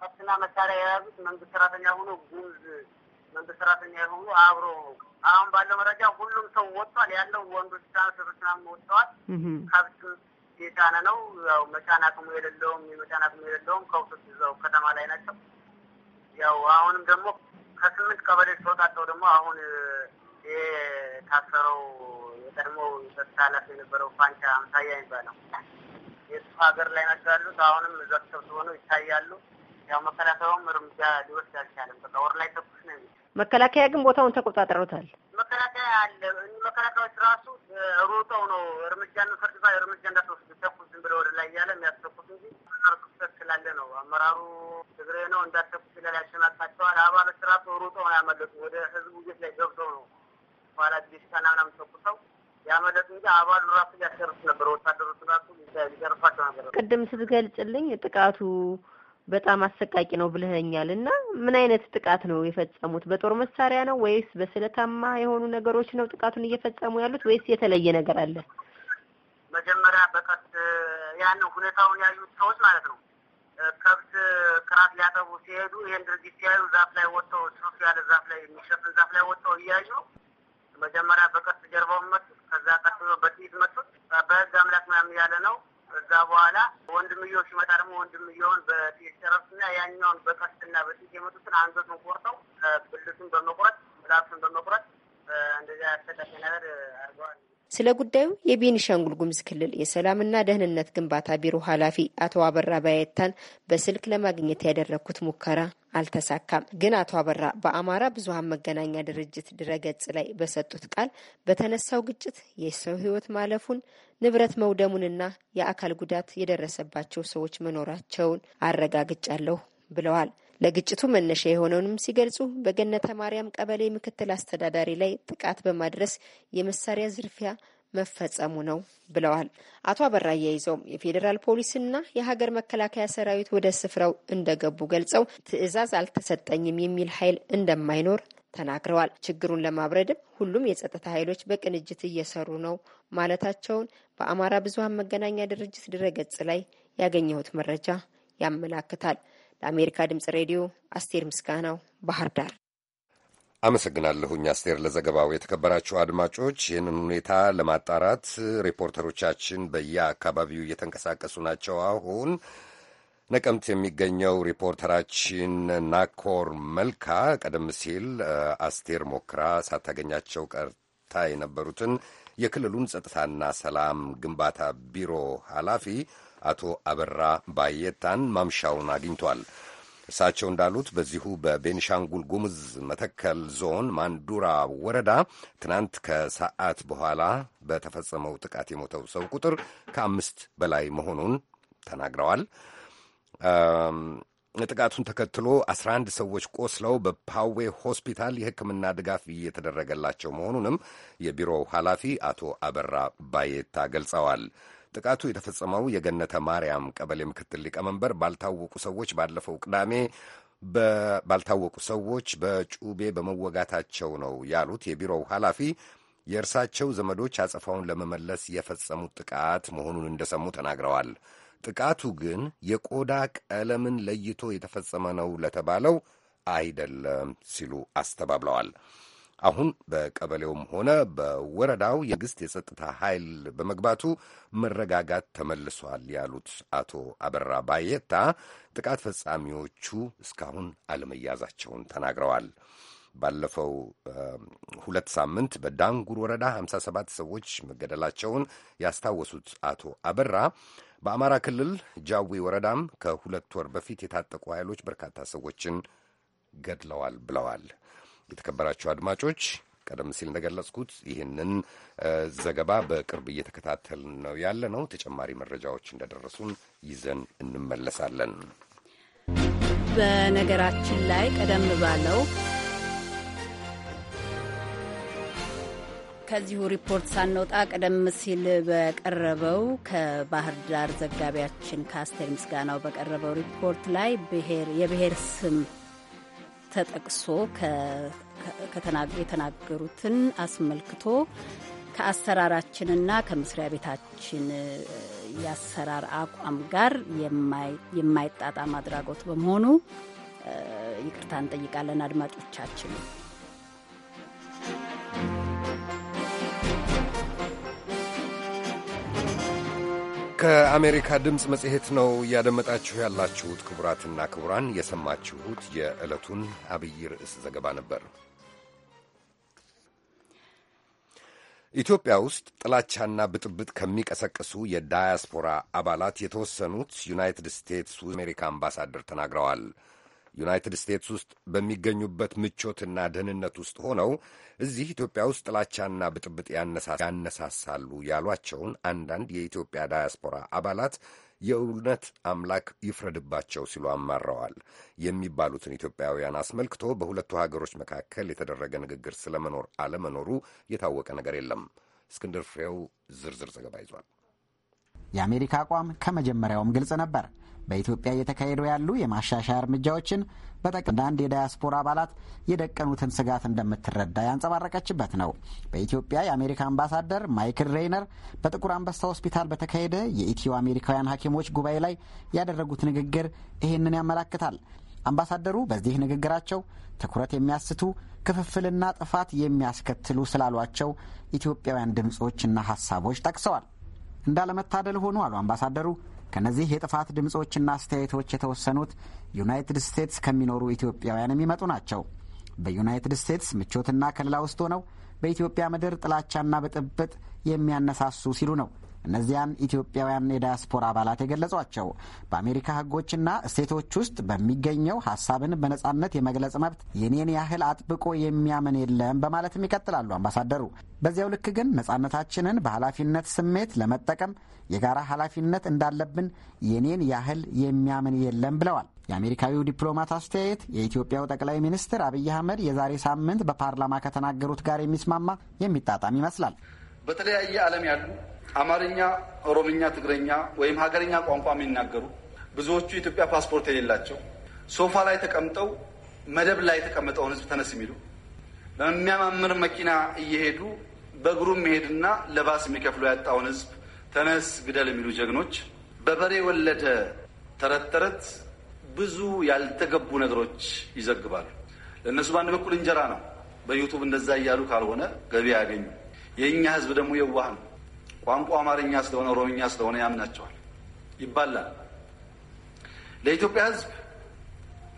ከብትና መሳሪያ የያዙት መንግስት ሰራተኛ ሆኖ ጉምዝ መንግስት ሰራተኛ የሆኑ አብሮ አሁን ባለው መረጃ ሁሉም ሰው ወጥቷል ያለው ወንዶች ሴቶችና ወጥተዋል። ከብት የጫነ ነው ያው መጫን አቅሙ የሌለውም የመጫን አቅሙ የሌለውም ከብቶች እዛው ከተማ ላይ ናቸው። ያው አሁንም ደግሞ ከስምንት ቀበሌ ተወጣጠው ደግሞ አሁን የታሰረው የቀድሞ የጸጥታ ኃላፊ የነበረው ፋንቻ አምሳያ የሚባለው የሱ ሀገር ላይ ናቸው ያሉት። አሁንም እዛ ተሰብስበው ነው ይታያሉ። ያው መከላከያውም እርምጃ ሊወስድ አልቻለም። በቃ ወር ላይ ተኩስ ነው የሚል መከላከያ ግን ቦታውን ተቆጣጠሩታል። መከላከያ አለ። መከላከያዎች ራሱ ሮጠው ነው እርምጃ እንውሰድ እርምጃ እንዳትወስድ ተኩስ ዝም ብለው ወደ ላይ እያለ የሚያስተኩስ እንጂ የፈጠሩ ክፍተት ስላለ ነው። አመራሩ ትግሬ ነው እንዳሰብኩ ሲለል ያሸናቃቸዋል። አባሎች ራሱ ሩጦ ነው ያመለጡ። ወደ ህዝቡ ቤት ላይ ገብተው ነው ኋላ ዲሽታና ምናምን ተኩሰው ያመለጡ እንጂ አባሉ ራሱ ያሸርፍ ነበር። ወታደሮች ራሱ ሊገርፋቸው ነበር። ቅድም ስትገልጽልኝ ጥቃቱ በጣም አሰቃቂ ነው ብለኸኛል። እና ምን አይነት ጥቃት ነው የፈጸሙት? በጦር መሳሪያ ነው ወይስ በስለታማ የሆኑ ነገሮች ነው ጥቃቱን እየፈጸሙ ያሉት ወይስ የተለየ ነገር አለ? መጀመሪያ በቀስ ያን ሁኔታውን ያዩት ሰዎች ማለት ነው ከብት ክራት ሊያጠቡ ሲሄዱ ይህን ድርጊት ሲያዩ ዛፍ ላይ ወጥተው ሱፍ ያለ ዛፍ ላይ የሚሸፍን ዛፍ ላይ ወጥተው እያዩ መጀመሪያ በቀስት ጀርባውን መቱት። ከዛ ቀጥሎ በጥይት መቱት። በህግ አምላክ ምናምን ያለ ነው። እዛ በኋላ ወንድምየው ሲመጣ ደግሞ ወንድምየውን በጥይት ጨረሱና ያኛውን በቀስትና በጥይት የመቱትን አንገቱን ቆርጠው ብልቱን በመቁረጥ ምላሱን በመቁረጥ እንደዚያ ያሰቃቂ ነገር አድርገዋል። ስለ ጉዳዩ የቤኒሻንጉል ጉሙዝ ክልል የሰላምና ደህንነት ግንባታ ቢሮ ኃላፊ አቶ አበራ ባየታን በስልክ ለማግኘት ያደረግኩት ሙከራ አልተሳካም። ግን አቶ አበራ በአማራ ብዙሀን መገናኛ ድርጅት ድረገጽ ላይ በሰጡት ቃል በተነሳው ግጭት የሰው ህይወት ማለፉን ንብረት መውደሙንና የአካል ጉዳት የደረሰባቸው ሰዎች መኖራቸውን አረጋግጫለሁ ብለዋል። ለግጭቱ መነሻ የሆነውንም ሲገልጹ በገነተ ማርያም ቀበሌ ምክትል አስተዳዳሪ ላይ ጥቃት በማድረስ የመሳሪያ ዝርፊያ መፈጸሙ ነው ብለዋል። አቶ አበራ አያይዘውም የፌዴራል ፖሊስና የሀገር መከላከያ ሰራዊት ወደ ስፍራው እንደገቡ ገልጸው ትዕዛዝ አልተሰጠኝም የሚል ኃይል እንደማይኖር ተናግረዋል። ችግሩን ለማብረድም ሁሉም የጸጥታ ኃይሎች በቅንጅት እየሰሩ ነው ማለታቸውን በአማራ ብዙሀን መገናኛ ድርጅት ድረገጽ ላይ ያገኘሁት መረጃ ያመላክታል። ለአሜሪካ ድምጽ ሬዲዮ አስቴር ምስጋናው ባህር ዳር። አመሰግናለሁኝ አስቴር ለዘገባው። የተከበራችሁ አድማጮች ይህንን ሁኔታ ለማጣራት ሪፖርተሮቻችን በየአካባቢው እየተንቀሳቀሱ ናቸው። አሁን ነቀምት የሚገኘው ሪፖርተራችን ናኮር መልካ ቀደም ሲል አስቴር ሞክራ ሳታገኛቸው ቀርታ የነበሩትን የክልሉን ጸጥታና ሰላም ግንባታ ቢሮ ኃላፊ አቶ አበራ ባየታን ማምሻውን አግኝቷል። እርሳቸው እንዳሉት በዚሁ በቤንሻንጉል ጉሙዝ መተከል ዞን ማንዱራ ወረዳ ትናንት ከሰዓት በኋላ በተፈጸመው ጥቃት የሞተው ሰው ቁጥር ከአምስት በላይ መሆኑን ተናግረዋል። ጥቃቱን ተከትሎ 11 ሰዎች ቆስለው በፓዌ ሆስፒታል የሕክምና ድጋፍ እየተደረገላቸው መሆኑንም የቢሮው ኃላፊ አቶ አበራ ባየታ ገልጸዋል። ጥቃቱ የተፈጸመው የገነተ ማርያም ቀበሌ ምክትል ሊቀመንበር ባልታወቁ ሰዎች ባለፈው ቅዳሜ ባልታወቁ ሰዎች በጩቤ በመወጋታቸው ነው ያሉት የቢሮው ኃላፊ የእርሳቸው ዘመዶች አጸፋውን ለመመለስ የፈጸሙት ጥቃት መሆኑን እንደሰሙ ተናግረዋል። ጥቃቱ ግን የቆዳ ቀለምን ለይቶ የተፈጸመ ነው ለተባለው አይደለም ሲሉ አስተባብለዋል። አሁን በቀበሌውም ሆነ በወረዳው የመንግስት የጸጥታ ኃይል በመግባቱ መረጋጋት ተመልሷል ያሉት አቶ አበራ ባየታ ጥቃት ፈጻሚዎቹ እስካሁን አለመያዛቸውን ተናግረዋል። ባለፈው ሁለት ሳምንት በዳንጉር ወረዳ 57 ሰዎች መገደላቸውን ያስታወሱት አቶ አበራ በአማራ ክልል ጃዊ ወረዳም ከሁለት ወር በፊት የታጠቁ ኃይሎች በርካታ ሰዎችን ገድለዋል ብለዋል። የተከበራችሁ አድማጮች ቀደም ሲል እንደገለጽኩት ይህንን ዘገባ በቅርብ እየተከታተልን ነው ያለ ነው። ተጨማሪ መረጃዎች እንደደረሱን ይዘን እንመለሳለን። በነገራችን ላይ ቀደም ባለው ከዚሁ ሪፖርት ሳንወጣ ቀደም ሲል በቀረበው ከባህር ዳር ዘጋቢያችን ከአስቴር ምስጋናው በቀረበው ሪፖርት ላይ የብሔር ስም ተጠቅሶ የተናገሩትን አስመልክቶ ከአሰራራችንና ከመስሪያ ቤታችን የአሰራር አቋም ጋር የማይጣጣም አድራጎት በመሆኑ ይቅርታ እንጠይቃለን አድማጮቻችን። ከአሜሪካ ድምፅ መጽሔት ነው እያደመጣችሁ ያላችሁት። ክቡራትና ክቡራን የሰማችሁት የዕለቱን አብይ ርዕስ ዘገባ ነበር። ኢትዮጵያ ውስጥ ጥላቻና ብጥብጥ ከሚቀሰቅሱ የዳያስፖራ አባላት የተወሰኑት ዩናይትድ ስቴትስ አሜሪካ አምባሳደር ተናግረዋል። ዩናይትድ ስቴትስ ውስጥ በሚገኙበት ምቾትና ደህንነት ውስጥ ሆነው እዚህ ኢትዮጵያ ውስጥ ጥላቻና ብጥብጥ ያነሳሳሉ ያሏቸውን አንዳንድ የኢትዮጵያ ዳያስፖራ አባላት የእውነት አምላክ ይፍረድባቸው ሲሉ አማረዋል የሚባሉትን ኢትዮጵያውያን አስመልክቶ በሁለቱ ሀገሮች መካከል የተደረገ ንግግር ስለመኖር አለመኖሩ የታወቀ ነገር የለም። እስክንድር ፍሬው ዝርዝር ዘገባ ይዟል። የአሜሪካ አቋም ከመጀመሪያውም ግልጽ ነበር። በኢትዮጵያ እየተካሄዱ ያሉ የማሻሻያ እርምጃዎችን በጠቅላላ አንዳንድ የዳያስፖራ አባላት የደቀኑትን ስጋት እንደምትረዳ ያንጸባረቀችበት ነው። በኢትዮጵያ የአሜሪካ አምባሳደር ማይክል ሬይነር በጥቁር አንበሳ ሆስፒታል በተካሄደ የኢትዮ አሜሪካውያን ሐኪሞች ጉባኤ ላይ ያደረጉት ንግግር ይህንን ያመላክታል። አምባሳደሩ በዚህ ንግግራቸው ትኩረት የሚያስቱ ክፍፍልና ጥፋት የሚያስከትሉ ስላሏቸው ኢትዮጵያውያን ድምፆችና ሀሳቦች ጠቅሰዋል። እንዳለመታደል ሆኑ አሉ አምባሳደሩ ከነዚህ የጥፋት ድምፆችና አስተያየቶች የተወሰኑት ዩናይትድ ስቴትስ ከሚኖሩ ኢትዮጵያውያን የሚመጡ ናቸው። በዩናይትድ ስቴትስ ምቾትና ከለላ ውስጥ ሆነው በኢትዮጵያ ምድር ጥላቻና ብጥብጥ የሚያነሳሱ ሲሉ ነው እነዚያን ኢትዮጵያውያን የዳያስፖራ አባላት የገለጿቸው በአሜሪካ ሕጎችና እሴቶች ውስጥ በሚገኘው ሀሳብን በነጻነት የመግለጽ መብት የኔን ያህል አጥብቆ የሚያምን የለም በማለትም ይቀጥላሉ አምባሳደሩ። በዚያው ልክ ግን ነጻነታችንን በኃላፊነት ስሜት ለመጠቀም የጋራ ኃላፊነት እንዳለብን የኔን ያህል የሚያምን የለም ብለዋል። የአሜሪካዊው ዲፕሎማት አስተያየት የኢትዮጵያው ጠቅላይ ሚኒስትር አብይ አህመድ የዛሬ ሳምንት በፓርላማ ከተናገሩት ጋር የሚስማማ የሚጣጣም ይመስላል። በተለያየ ዓለም ያሉ አማርኛ፣ ኦሮምኛ፣ ትግረኛ ወይም ሀገርኛ ቋንቋ የሚናገሩ ብዙዎቹ የኢትዮጵያ ፓስፖርት የሌላቸው ሶፋ ላይ ተቀምጠው መደብ ላይ የተቀመጠውን ህዝብ ተነስ የሚሉ በሚያማምር መኪና እየሄዱ በእግሩም መሄድና ለባስ የሚከፍሉ ያጣውን ህዝብ ተነስ ግደል የሚሉ ጀግኖች በበሬ ወለደ ተረት ተረት ብዙ ያልተገቡ ነገሮች ይዘግባሉ። ለእነሱ በአንድ በኩል እንጀራ ነው። በዩቱብ እንደዛ እያሉ ካልሆነ ገቢ አያገኙ። የእኛ ህዝብ ደግሞ የዋህ ነው። ቋንቋ አማርኛ ስለሆነ ኦሮምኛ ስለሆነ ያምናቸዋል፣ ይባላል። ለኢትዮጵያ ሕዝብ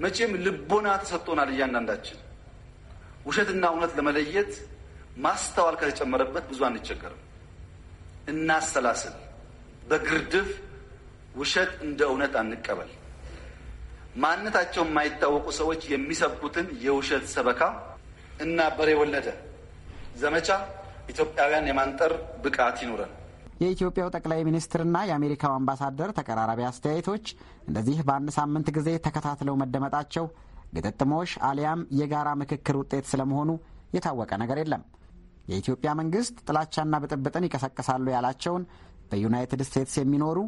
መቼም ልቦና ተሰጥቶናል። እያንዳንዳችን ውሸትና እውነት ለመለየት ማስተዋል ከተጨመረበት ብዙ አንቸገርም። እናሰላስል። በግርድፍ ውሸት እንደ እውነት አንቀበል። ማንነታቸው የማይታወቁ ሰዎች የሚሰብኩትን የውሸት ሰበካ እና በሬ ወለደ ዘመቻ ኢትዮጵያውያን የማንጠር ብቃት ይኑረን። የኢትዮጵያው ጠቅላይ ሚኒስትርና የአሜሪካው አምባሳደር ተቀራራቢ አስተያየቶች እንደዚህ በአንድ ሳምንት ጊዜ ተከታትለው መደመጣቸው ግጥጥሞሽ አሊያም የጋራ ምክክር ውጤት ስለመሆኑ የታወቀ ነገር የለም። የኢትዮጵያ መንግስት ጥላቻና ብጥብጥን ይቀሰቅሳሉ ያላቸውን በዩናይትድ ስቴትስ የሚኖሩ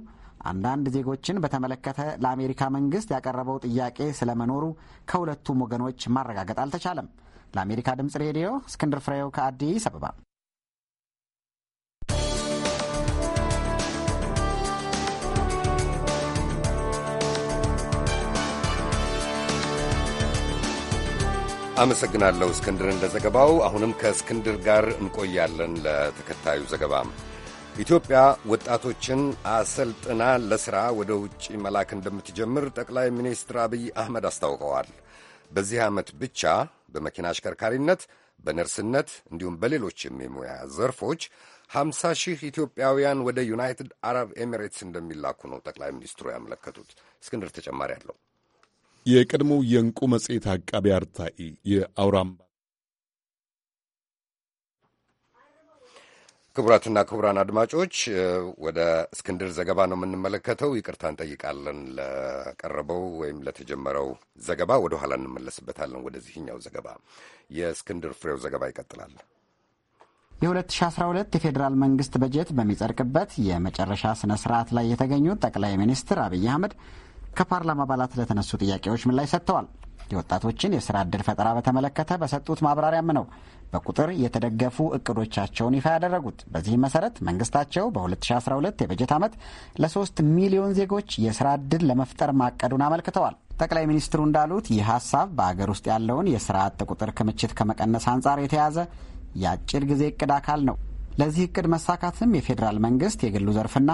አንዳንድ ዜጎችን በተመለከተ ለአሜሪካ መንግስት ያቀረበው ጥያቄ ስለመኖሩ ከሁለቱም ወገኖች ማረጋገጥ አልተቻለም። ለአሜሪካ ድምጽ ሬዲዮ እስክንድር ፍሬው ከአዲስ አበባ አመሰግናለሁ እስክንድርን ለዘገባው። አሁንም ከእስክንድር ጋር እንቆያለን። ለተከታዩ ዘገባ ኢትዮጵያ ወጣቶችን አሰልጥና ለሥራ ወደ ውጭ መላክ እንደምትጀምር ጠቅላይ ሚኒስትር አብይ አህመድ አስታውቀዋል። በዚህ ዓመት ብቻ በመኪና አሽከርካሪነት፣ በነርስነት እንዲሁም በሌሎችም የሙያ ዘርፎች 50 ሺህ ኢትዮጵያውያን ወደ ዩናይትድ አረብ ኤሚሬትስ እንደሚላኩ ነው ጠቅላይ ሚኒስትሩ ያመለከቱት። እስክንድር ተጨማሪ አለው። የቀድሞው የእንቁ መጽሔት አቃቤ አርታኢ የአውራምባ ክቡራትና ክቡራን አድማጮች ወደ እስክንድር ዘገባ ነው የምንመለከተው። ይቅርታ እንጠይቃለን ለቀረበው ወይም ለተጀመረው ዘገባ ወደ ኋላ እንመለስበታለን። ወደዚህኛው ዘገባ የእስክንድር ፍሬው ዘገባ ይቀጥላል። የ2012 የፌዴራል መንግስት በጀት በሚጸድቅበት የመጨረሻ ስነ ስርዓት ላይ የተገኙት ጠቅላይ ሚኒስትር አብይ አህመድ ከፓርላማ አባላት ለተነሱ ጥያቄዎች ምላሽ ሰጥተዋል። የወጣቶችን የስራ ዕድል ፈጠራ በተመለከተ በሰጡት ማብራሪያም ነው በቁጥር የተደገፉ እቅዶቻቸውን ይፋ ያደረጉት። በዚህም መሰረት መንግስታቸው በ2012 የበጀት ዓመት ለሶስት ሚሊዮን ዜጎች የስራ ዕድል ለመፍጠር ማቀዱን አመልክተዋል። ጠቅላይ ሚኒስትሩ እንዳሉት ይህ ሀሳብ በአገር ውስጥ ያለውን የስራ አጥ ቁጥር ክምችት ከመቀነስ አንጻር የተያዘ የአጭር ጊዜ እቅድ አካል ነው። ለዚህ እቅድ መሳካትም የፌዴራል መንግስት የግሉ ዘርፍና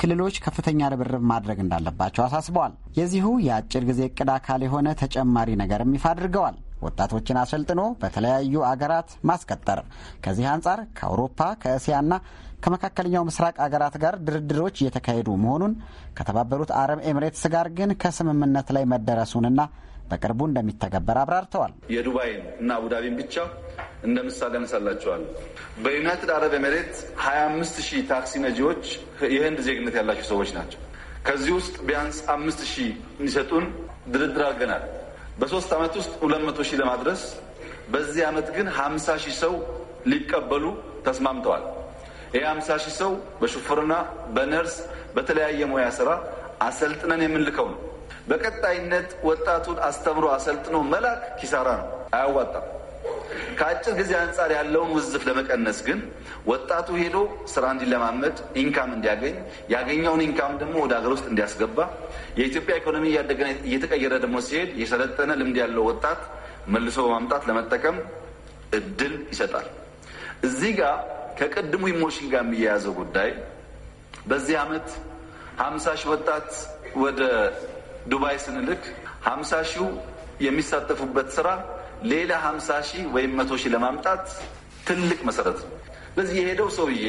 ክልሎች ከፍተኛ ርብርብ ማድረግ እንዳለባቸው አሳስበዋል። የዚሁ የአጭር ጊዜ እቅድ አካል የሆነ ተጨማሪ ነገርም ይፋ አድርገዋል። ወጣቶችን አሰልጥኖ በተለያዩ አገራት ማስቀጠር። ከዚህ አንጻር ከአውሮፓ ከእስያና ከመካከለኛው ምስራቅ አገራት ጋር ድርድሮች እየተካሄዱ መሆኑን ከተባበሩት አረብ ኤምሬትስ ጋር ግን ከስምምነት ላይ መደረሱንና በቅርቡ እንደሚተገበር አብራርተዋል። የዱባይን እና አቡዳቢን ብቻ እንደ ምሳሌ አነሳላቸዋል። በዩናይትድ አረብ ኤሜሬት 25 ሺህ ታክሲ ነጂዎች የህንድ ዜግነት ያላቸው ሰዎች ናቸው። ከዚህ ውስጥ ቢያንስ አምስት ሺህ እንዲሰጡን ድርድር አድርገናል። በሶስት ዓመት ውስጥ ሁለት መቶ ሺህ ለማድረስ በዚህ ዓመት ግን ሀምሳ ሺህ ሰው ሊቀበሉ ተስማምተዋል። ይህ ሀምሳ ሺህ ሰው በሹፍርና፣ በነርስ፣ በተለያየ ሙያ ስራ አሰልጥነን የምንልከው ነው። በቀጣይነት ወጣቱን አስተምሮ አሰልጥኖ መላክ ኪሳራ ነው፣ አያዋጣም። ከአጭር ጊዜ አንጻር ያለውን ውዝፍ ለመቀነስ ግን ወጣቱ ሄዶ ስራ እንዲለማመድ ኢንካም እንዲያገኝ ያገኘውን ኢንካም ደግሞ ወደ ሀገር ውስጥ እንዲያስገባ የኢትዮጵያ ኢኮኖሚ እያደገ እየተቀየረ ደግሞ ሲሄድ የሰለጠነ ልምድ ያለው ወጣት መልሶ በማምጣት ለመጠቀም እድል ይሰጣል። እዚህ ጋር ከቅድሙ ኢሞሽን ጋር የሚያያዘው ጉዳይ በዚህ ዓመት ሀምሳ ሺህ ወጣት ወደ ዱባይ ስንልክ ሀምሳ ሺው የሚሳተፉበት ስራ ሌላ ሀምሳ ሺህ ወይም መቶ ሺህ ለማምጣት ትልቅ መሰረት ነው። ስለዚህ የሄደው ሰውዬ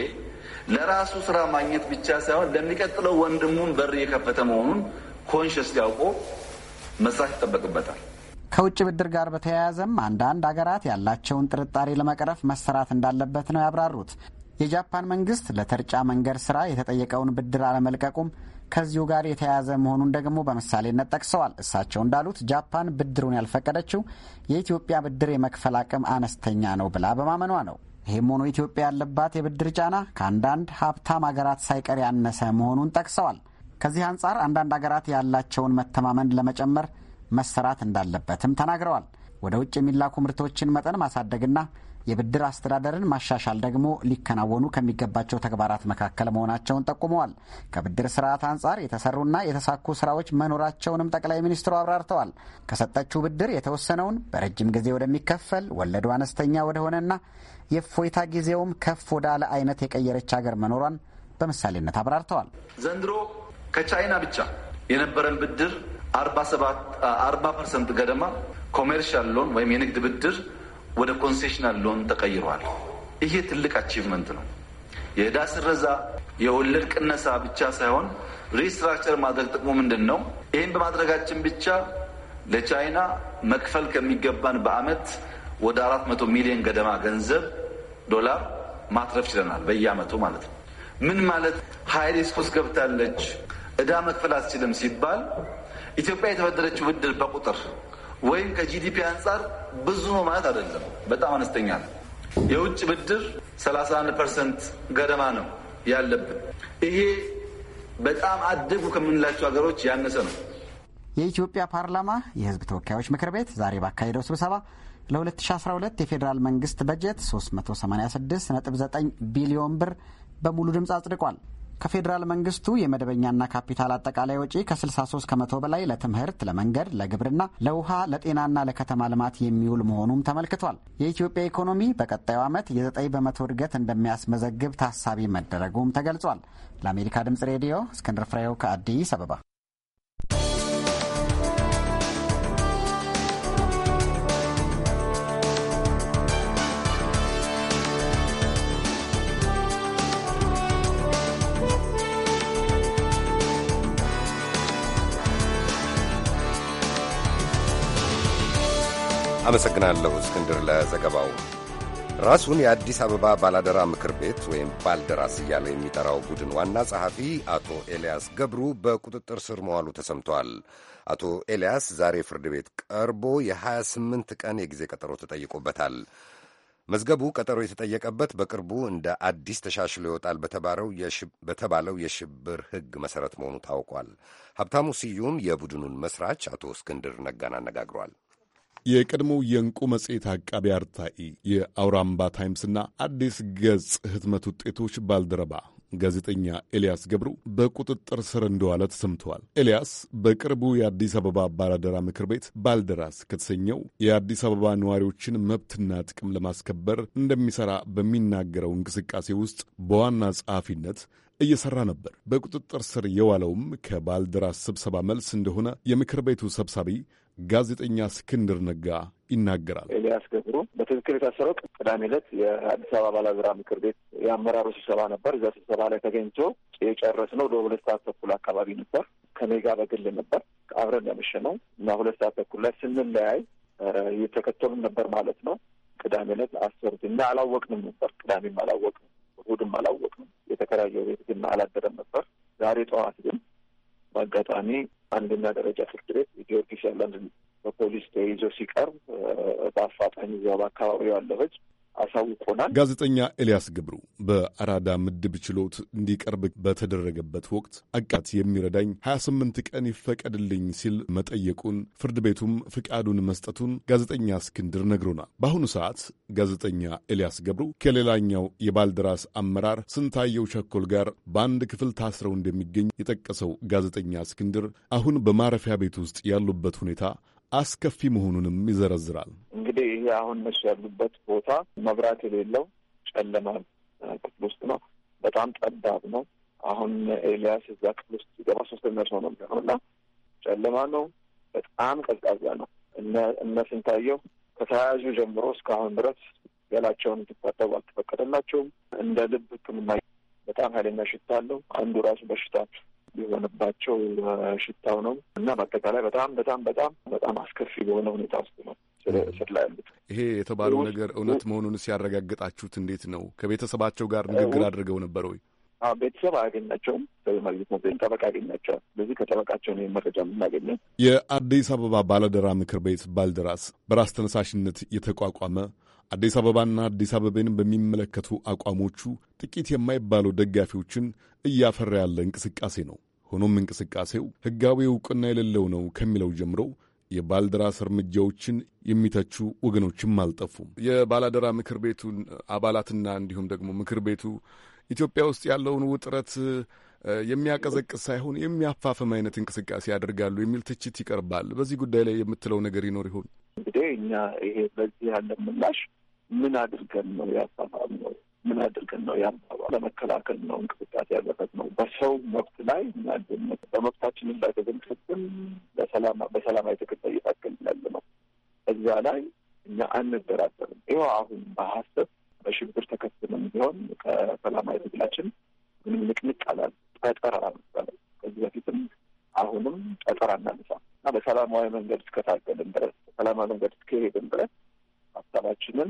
ለራሱ ስራ ማግኘት ብቻ ሳይሆን ለሚቀጥለው ወንድሙን በር የከፈተ መሆኑን ኮንሽስ ሊያውቆ መስራት ይጠበቅበታል። ከውጭ ብድር ጋር በተያያዘም አንዳንድ ሀገራት ያላቸውን ጥርጣሬ ለመቅረፍ መሰራት እንዳለበት ነው ያብራሩት። የጃፓን መንግስት ለተርጫ መንገድ ስራ የተጠየቀውን ብድር አለመልቀቁም ከዚሁ ጋር የተያያዘ መሆኑን ደግሞ በምሳሌነት ጠቅሰዋል። እሳቸው እንዳሉት ጃፓን ብድሩን ያልፈቀደችው የኢትዮጵያ ብድር የመክፈል አቅም አነስተኛ ነው ብላ በማመኗ ነው። ይህም ሆኖ ኢትዮጵያ ያለባት የብድር ጫና ከአንዳንድ ሀብታም አገራት ሳይቀር ያነሰ መሆኑን ጠቅሰዋል። ከዚህ አንጻር አንዳንድ አገራት ያላቸውን መተማመን ለመጨመር መሰራት እንዳለበትም ተናግረዋል። ወደ ውጭ የሚላኩ ምርቶችን መጠን ማሳደግና የብድር አስተዳደርን ማሻሻል ደግሞ ሊከናወኑ ከሚገባቸው ተግባራት መካከል መሆናቸውን ጠቁመዋል። ከብድር ስርዓት አንጻር የተሰሩና የተሳኩ ስራዎች መኖራቸውንም ጠቅላይ ሚኒስትሩ አብራርተዋል። ከሰጠችው ብድር የተወሰነውን በረጅም ጊዜ ወደሚከፈል ወለዱ አነስተኛ ወደሆነና የእፎይታ ጊዜውም ከፍ ወዳለ አይነት የቀየረች ሀገር መኖሯን በምሳሌነት አብራርተዋል። ዘንድሮ ከቻይና ብቻ የነበረን ብድር አርባ ፐርሰንት ገደማ ኮሜርሻል ሎን ወይም የንግድ ብድር ወደ ኮንሴሽናል ሎን ተቀይሯል። ይሄ ትልቅ አቺቭመንት ነው። የዕዳ ስረዛ የወለድ ቅነሳ ብቻ ሳይሆን ሪስትራክቸር ማድረግ ጥቅሙ ምንድን ነው? ይህን በማድረጋችን ብቻ ለቻይና መክፈል ከሚገባን በዓመት ወደ አራት መቶ ሚሊዮን ገደማ ገንዘብ ዶላር ማትረፍ ችለናል። በየአመቱ ማለት ነው። ምን ማለት ሀይል ገብታለች ዕዳ መክፈል አስችልም ሲባል ኢትዮጵያ የተበደረችው ብድር በቁጥር ወይም ከጂዲፒ አንጻር ብዙ ነው ማለት አይደለም፣ በጣም አነስተኛ ነው። የውጭ ብድር 31 ፐርሰንት ገደማ ነው ያለብን። ይሄ በጣም አደጉ ከምንላቸው ሀገሮች ያነሰ ነው። የኢትዮጵያ ፓርላማ የሕዝብ ተወካዮች ምክር ቤት ዛሬ ባካሄደው ስብሰባ ለ2012 የፌዴራል መንግስት በጀት 386.9 ቢሊዮን ብር በሙሉ ድምፅ አጽድቋል። ከፌዴራል መንግስቱ የመደበኛና ካፒታል አጠቃላይ ወጪ ከ63 ከመቶ በላይ ለትምህርት፣ ለመንገድ፣ ለግብርና፣ ለውሃ፣ ለጤናና ለከተማ ልማት የሚውል መሆኑም ተመልክቷል። የኢትዮጵያ ኢኮኖሚ በቀጣዩ ዓመት የ9 በመቶ እድገት እንደሚያስመዘግብ ታሳቢ መደረጉም ተገልጿል። ለአሜሪካ ድምጽ ሬዲዮ እስክንድር ፍሬው ከአዲስ አበባ አመሰግናለሁ እስክንድር ለዘገባው። ራሱን የአዲስ አበባ ባላደራ ምክር ቤት ወይም ባልደራስ እያለ የሚጠራው ቡድን ዋና ጸሐፊ አቶ ኤልያስ ገብሩ በቁጥጥር ስር መዋሉ ተሰምቷል። አቶ ኤልያስ ዛሬ ፍርድ ቤት ቀርቦ የ28 ቀን የጊዜ ቀጠሮ ተጠይቆበታል። መዝገቡ ቀጠሮ የተጠየቀበት በቅርቡ እንደ አዲስ ተሻሽሎ ይወጣል በተባለው የሽብር ሕግ መሠረት መሆኑ ታውቋል። ሀብታሙ ስዩም የቡድኑን መስራች አቶ እስክንድር ነጋን አነጋግሯል። የቀድሞው የእንቁ መጽሔት አቃቢ አርታኢ የአውራምባ ታይምስና አዲስ ገጽ ህትመት ውጤቶች ባልደረባ ጋዜጠኛ ኤልያስ ገብሩ በቁጥጥር ስር እንደዋለ ተሰምተዋል። ኤልያስ በቅርቡ የአዲስ አበባ አባላደራ ምክር ቤት ባልደራስ ከተሰኘው የአዲስ አበባ ነዋሪዎችን መብትና ጥቅም ለማስከበር እንደሚሰራ በሚናገረው እንቅስቃሴ ውስጥ በዋና ጸሐፊነት እየሰራ ነበር። በቁጥጥር ስር የዋለውም ከባልደራስ ስብሰባ መልስ እንደሆነ የምክር ቤቱ ሰብሳቢ ጋዜጠኛ እስክንድር ነጋ ይናገራል። ኤልያስ ገብሩ በትክክል የታሰረው ቅዳሜ ዕለት የአዲስ አበባ ባላዝራ ምክር ቤት የአመራሩ ስብሰባ ነበር። እዛ ስብሰባ ላይ ተገኝቶ የጨረስ ነው ለሁለት ሰዓት ተኩል አካባቢ ነበር። ከኔ ጋር በግል ነበር አብረን ያመሸ ነው እና ሁለት ሰዓት ተኩል ላይ ስንለያይ እየተከተሉን ነበር ማለት ነው። ቅዳሜ ዕለት አስር እና አላወቅንም ነበር። ቅዳሜም አላወቅንም፣ እሑድም አላወቅንም። የተከራየው ቤት ግን አላደረም ነበር። ዛሬ ጠዋት ግን በአጋጣሚ አንደኛ ደረጃ ፍርድ ቤት ጊዮርጊስ ያለንን በፖሊስ ተይዞ ሲቀርብ በአፋጣኝ እዚያ በአካባቢው ያለ ህዝብ አሳውቆናል። ጋዜጠኛ ኤልያስ ገብሩ በአራዳ ምድብ ችሎት እንዲቀርብ በተደረገበት ወቅት አቃት የሚረዳኝ 28 ቀን ይፈቀድልኝ ሲል መጠየቁን ፍርድ ቤቱም ፍቃዱን መስጠቱን ጋዜጠኛ እስክንድር ነግሮናል። በአሁኑ ሰዓት ጋዜጠኛ ኤልያስ ገብሩ ከሌላኛው የባልደራስ አመራር ስንታየው ቸኮል ጋር በአንድ ክፍል ታስረው እንደሚገኝ የጠቀሰው ጋዜጠኛ እስክንድር አሁን በማረፊያ ቤት ውስጥ ያሉበት ሁኔታ አስከፊ መሆኑንም ይዘረዝራል። ይሄ አሁን እነሱ ያሉበት ቦታ መብራት የሌለው ጨለማ ክፍል ውስጥ ነው። በጣም ጠባብ ነው። አሁን ኤልያስ እዛ ክፍል ውስጥ ሲገባ ሶስተኛ ሰው ነው የሚሆነው እና ጨለማ ነው። በጣም ቀዝቃዛ ነው። እነ ስንታየው ከተያያዙ ጀምሮ እስካሁን ድረስ ገላቸውን እንዲታጠቡ አልተፈቀደላቸውም። እንደ ልብ ሕክምና በጣም ኃይለኛ ሽታ አለው። አንዱ ራሱ በሽታ የሆነባቸው ሽታው ነው እና በአጠቃላይ በጣም በጣም በጣም በጣም አስከፊ በሆነ ሁኔታ ውስጥ ነው ስር ላይ ያሉት። ይሄ የተባለው ነገር እውነት መሆኑን ሲያረጋግጣችሁት እንዴት ነው? ከቤተሰባቸው ጋር ንግግር አድርገው ነበር ወይ? ቤተሰብ አያገኛቸውም። በማግኘት ነው ጠበቃ ያገኛቸዋል። ስለዚህ ከጠበቃቸው ነው መረጃ የምናገኘው። የአዲስ አበባ ባለደራ ምክር ቤት ባልደራስ በራስ ተነሳሽነት የተቋቋመ አዲስ አበባና አዲስ አበባን በሚመለከቱ አቋሞቹ ጥቂት የማይባሉ ደጋፊዎችን እያፈራ ያለ እንቅስቃሴ ነው። ሆኖም እንቅስቃሴው ሕጋዊ እውቅና የሌለው ነው ከሚለው ጀምሮ የባልደራስ እርምጃዎችን የሚተቹ ወገኖችም አልጠፉም። የባላደራ ምክር ቤቱን አባላትና እንዲሁም ደግሞ ምክር ቤቱ ኢትዮጵያ ውስጥ ያለውን ውጥረት የሚያቀዘቅዝ ሳይሆን የሚያፋፍም አይነት እንቅስቃሴ ያደርጋሉ የሚል ትችት ይቀርባል። በዚህ ጉዳይ ላይ የምትለው ነገር ይኖር ይሆን? እንግዲህ እኛ ይሄ በዚህ ያለ ምላሽ ምን አድርገን ነው ያፋፋም ነው ምን አድርገን ነው ያን ለመከላከል ነው እንቅስቃሴ ያደረግ ነው። በሰው መብት ላይ ምን አድነት በመብታችን እንዳገዘንክትል በሰላማዊ ትግል እየታገል ያለ ነው። እዛ ላይ እኛ አንደራደርም። ይኸው አሁን በሀሰብ በሽብር ተከትለን ቢሆን ከሰላማዊ ትግላችን ምንም ንቅንቅ አላል። ጠጠራ መሰለኝ ከዚህ በፊትም አሁንም ጠጠራ እናነሳ እና በሰላማዊ መንገድ እስከታገልን ድረስ በሰላማዊ መንገድ እስከሄድን ድረስ ሀሳባችንን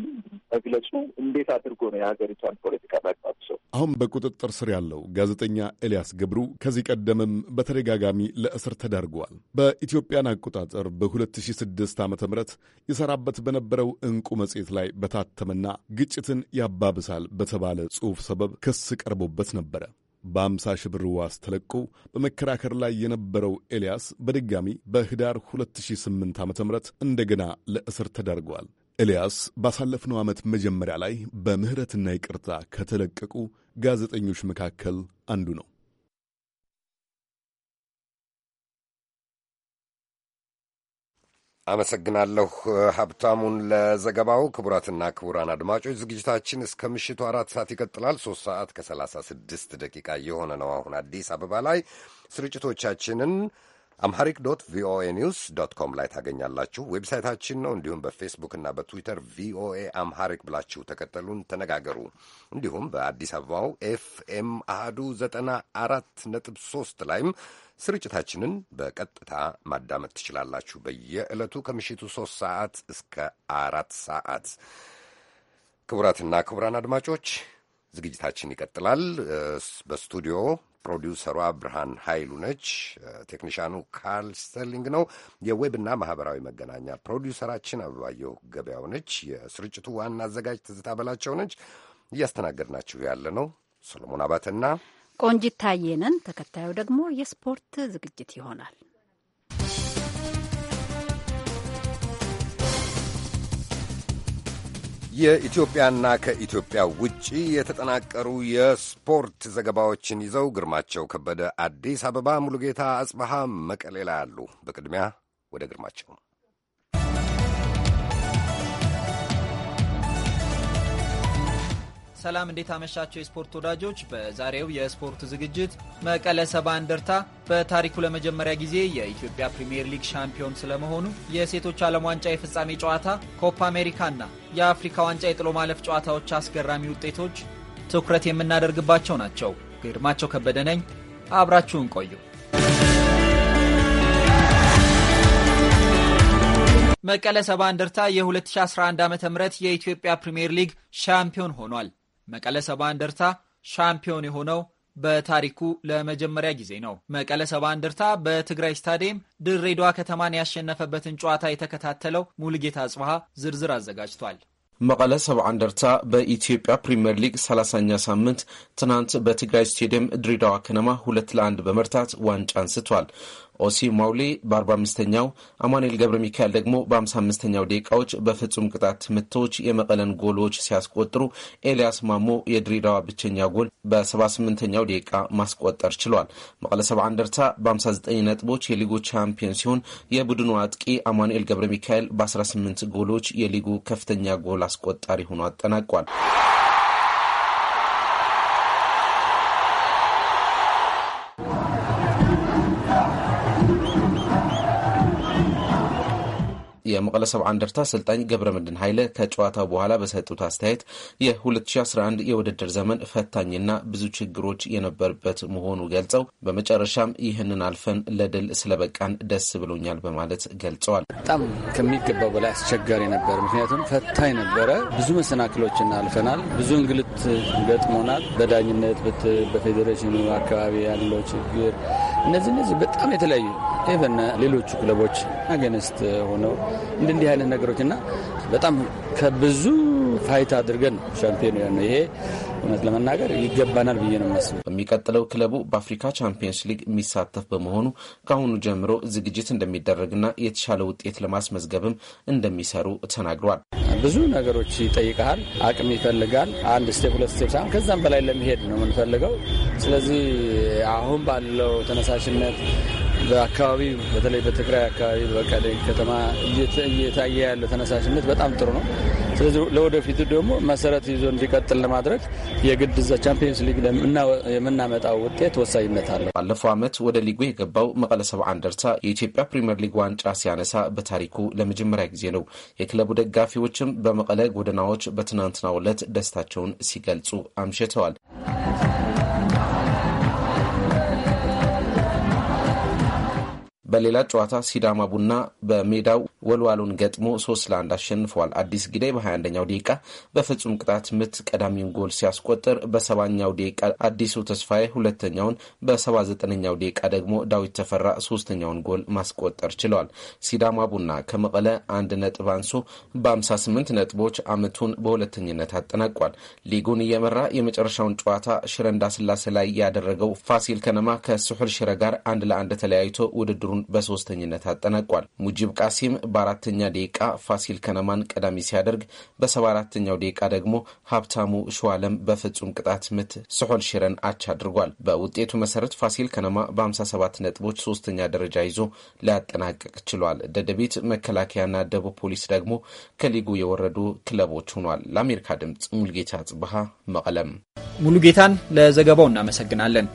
መግለጹ እንዴት አድርጎ ነው የሀገሪቷን ፖለቲካ ማግባት ሰው አሁን በቁጥጥር ስር ያለው ጋዜጠኛ ኤልያስ ገብሩ ከዚህ ቀደምም በተደጋጋሚ ለእስር ተዳርገዋል። በኢትዮጵያን አቆጣጠር በ2006 ዓ ም ይሰራበት በነበረው ዕንቁ መጽሔት ላይ በታተመና ግጭትን ያባብሳል በተባለ ጽሑፍ ሰበብ ክስ ቀርቦበት ነበረ። በአምሳ ሺህ ብር ዋስ ተለቆ በመከራከር ላይ የነበረው ኤልያስ በድጋሚ በህዳር 2008 ዓ ም እንደገና ለእስር ተዳርገዋል። ኤልያስ ባሳለፍነው ዓመት መጀመሪያ ላይ በምህረትና ይቅርታ ከተለቀቁ ጋዜጠኞች መካከል አንዱ ነው። አመሰግናለሁ ሀብታሙን ለዘገባው። ክቡራትና ክቡራን አድማጮች ዝግጅታችን እስከ ምሽቱ አራት ሰዓት ይቀጥላል። ሶስት ሰዓት ከሰላሳ ስድስት ደቂቃ የሆነ ነው አሁን አዲስ አበባ ላይ ስርጭቶቻችንን አምሐሪክ ዶት ቪኦኤ ኒውስ ዶት ኮም ላይ ታገኛላችሁ። ዌብሳይታችን ነው። እንዲሁም በፌስቡክና በትዊተር ቪኦኤ አምሐሪክ ብላችሁ ተከተሉን፣ ተነጋገሩ። እንዲሁም በአዲስ አበባው ኤፍኤም አህዱ ዘጠና አራት ነጥብ ሶስት ላይም ስርጭታችንን በቀጥታ ማዳመጥ ትችላላችሁ። በየዕለቱ ከምሽቱ ሶስት ሰዓት እስከ አራት ሰዓት ክቡራትና ክቡራን አድማጮች ዝግጅታችን ይቀጥላል። በስቱዲዮ ፕሮዲውሰሯ ብርሃን ኃይሉ ነች። ቴክኒሻኑ ካርል ስተርሊንግ ነው። የዌብና ማህበራዊ መገናኛ ፕሮዲውሰራችን አበባየሁ ገበያው ነች። የስርጭቱ ዋና አዘጋጅ ትዝታ በላቸው ነች። እያስተናገድናችሁ ያለ ነው ሰሎሞን አባተና ቆንጂት ታየነን። ተከታዩ ደግሞ የስፖርት ዝግጅት ይሆናል። የኢትዮጵያና ከኢትዮጵያ ውጪ የተጠናቀሩ የስፖርት ዘገባዎችን ይዘው ግርማቸው ከበደ አዲስ አበባ፣ ሙሉጌታ አጽበሃ መቀሌላ አሉ። በቅድሚያ ወደ ግርማቸው ሰላም እንዴት አመሻቸው የስፖርት ወዳጆች። በዛሬው የስፖርት ዝግጅት መቀለ ሰባ እንደርታ በታሪኩ ለመጀመሪያ ጊዜ የኢትዮጵያ ፕሪምየር ሊግ ሻምፒዮን ስለመሆኑ፣ የሴቶች ዓለም ዋንጫ የፍጻሜ ጨዋታ፣ ኮፓ አሜሪካና የአፍሪካ ዋንጫ የጥሎ ማለፍ ጨዋታዎች አስገራሚ ውጤቶች ትኩረት የምናደርግባቸው ናቸው። ግርማቸው ከበደ ነኝ። አብራችሁን ቆዩ። መቀለ ሰባ እንደርታ የ2011 ዓ ም የኢትዮጵያ ፕሪምየር ሊግ ሻምፒዮን ሆኗል። መቀለ ሰባ እንደርታ ሻምፒዮን የሆነው በታሪኩ ለመጀመሪያ ጊዜ ነው። መቀለ ሰባ እንደርታ በትግራይ ስታዲየም ድሬዳዋ ከተማን ያሸነፈበትን ጨዋታ የተከታተለው ሙልጌታ አጽብሃ ዝርዝር አዘጋጅቷል። መቀለ ሰብዓ እንደርታ በኢትዮጵያ ፕሪምየር ሊግ 30ኛ ሳምንት ትናንት በትግራይ ስቴዲየም ድሬዳዋ ከነማ ሁለት ለአንድ በመርታት ዋንጫ አንስቷል። ኦሲ ማውሌ በ45ኛው አማኑኤል ገብረ ሚካኤል ደግሞ በ55ኛው ደቂቃዎች በፍጹም ቅጣት ምቶች የመቀለን ጎሎች ሲያስቆጥሩ ኤልያስ ማሞ የድሬዳዋ ብቸኛ ጎል በ78ኛው ደቂቃ ማስቆጠር ችሏል። መቀለ 70 እንደርታ በ59 ነጥቦች የሊጉ ቻምፒዮን ሲሆን የቡድኑ አጥቂ አማኑኤል ገብረ ሚካኤል በ18 ጎሎች የሊጉ ከፍተኛ ጎል አስቆጣሪ ሆኖ አጠናቋል። የመቀለ ሰብ እንደርታ አሰልጣኝ ገብረ ምድን ኃይለ ከጨዋታው በኋላ በሰጡት አስተያየት የ2011 የውድድር ዘመን ፈታኝና ብዙ ችግሮች የነበርበት መሆኑ ገልጸው በመጨረሻም ይህንን አልፈን ለድል ስለበቃን ደስ ብሎኛል በማለት ገልጸዋል። በጣም ከሚገባው በላይ አስቸጋሪ ነበር። ምክንያቱም ፈታኝ ነበረ። ብዙ መሰናክሎችን አልፈናል። ብዙ እንግልት ገጥሞናል። በዳኝነት በፌዴሬሽኑ አካባቢ ያለው ችግር እነዚህ እነዚህ በጣም የተለያዩ ኢቨን ሌሎቹ ክለቦች አገንስት ሆነው እንዲህ አይነት ነገሮች እና በጣም ከብዙ ፋይት አድርገን ሻምፒዮን ነው። ይሄ እውነት ለመናገር ይገባናል ብዬ ነው የማስበው። በሚቀጥለው ክለቡ በአፍሪካ ቻምፒየንስ ሊግ የሚሳተፍ በመሆኑ ከአሁኑ ጀምሮ ዝግጅት እንደሚደረግና የተሻለ ውጤት ለማስመዝገብም እንደሚሰሩ ተናግሯል። ብዙ ነገሮች ይጠይቀሃል፣ አቅም ይፈልጋል። አንድ ስቴፕ ሁለት ስቴፕ ሳይሆን ከዛም በላይ ለመሄድ ነው የምንፈልገው። ስለዚህ አሁን ባለው ተነሳሽነት በአካባቢው በተለይ በትግራይ አካባቢ በመቀሌ ከተማ እየታየ ያለው ተነሳሽነት በጣም ጥሩ ነው። ስለዚህ ለወደፊቱ ደግሞ መሰረት ይዞ እንዲቀጥል ለማድረግ የግድ ዛ ቻምፒየንስ ሊግ የምናመጣው ውጤት ወሳኝነት አለው። ባለፈው ዓመት ወደ ሊጉ የገባው መቀለ ሰብዓ እንደርታ የኢትዮጵያ ፕሪምየር ሊግ ዋንጫ ሲያነሳ በታሪኩ ለመጀመሪያ ጊዜ ነው። የክለቡ ደጋፊዎችም በመቀለ ጎደናዎች በትናንትናው ዕለት ደስታቸውን ሲገልጹ አምሽተዋል። በሌላ ጨዋታ ሲዳማ ቡና በሜዳው ወልዋሉን ገጥሞ ሶስት ለአንድ አሸንፏል። አዲስ ጊዳይ በ21ኛው ደቂቃ በፍጹም ቅጣት ምት ቀዳሚውን ጎል ሲያስቆጥር በሰባኛው ደቂቃ አዲሱ ተስፋዬ ሁለተኛውን፣ በ79ኛው ደቂቃ ደግሞ ዳዊት ተፈራ ሶስተኛውን ጎል ማስቆጠር ችለዋል። ሲዳማ ቡና ከመቀለ አንድ ነጥብ አንሶ በ58 ነጥቦች አመቱን በሁለተኝነት አጠናቋል። ሊጉን እየመራ የመጨረሻውን ጨዋታ ሽረ እንዳስላሴ ላይ ያደረገው ፋሲል ከነማ ከስሑል ሽረ ጋር አንድ ለአንድ ተለያይቶ ውድድሩን ጨዋታውን በሶስተኝነት አጠናቋል። ሙጂብ ቃሲም በአራተኛ ደቂቃ ፋሲል ከነማን ቀዳሚ ሲያደርግ በሰባ አራተኛው ደቂቃ ደግሞ ሀብታሙ ሸዋለም በፍጹም ቅጣት ምት ስሖል ሽረን አቻ አድርጓል። በውጤቱ መሰረት ፋሲል ከነማ በ57 ነጥቦች ሶስተኛ ደረጃ ይዞ ሊያጠናቅቅ ችሏል። ደደቢት፣ መከላከያና ደቡብ ፖሊስ ደግሞ ከሊጉ የወረዱ ክለቦች ሆኗል። ለአሜሪካ ድምፅ ሙልጌታ ጽብሃ መቀለም። ሙሉጌታን ለዘገባው እናመሰግናለን።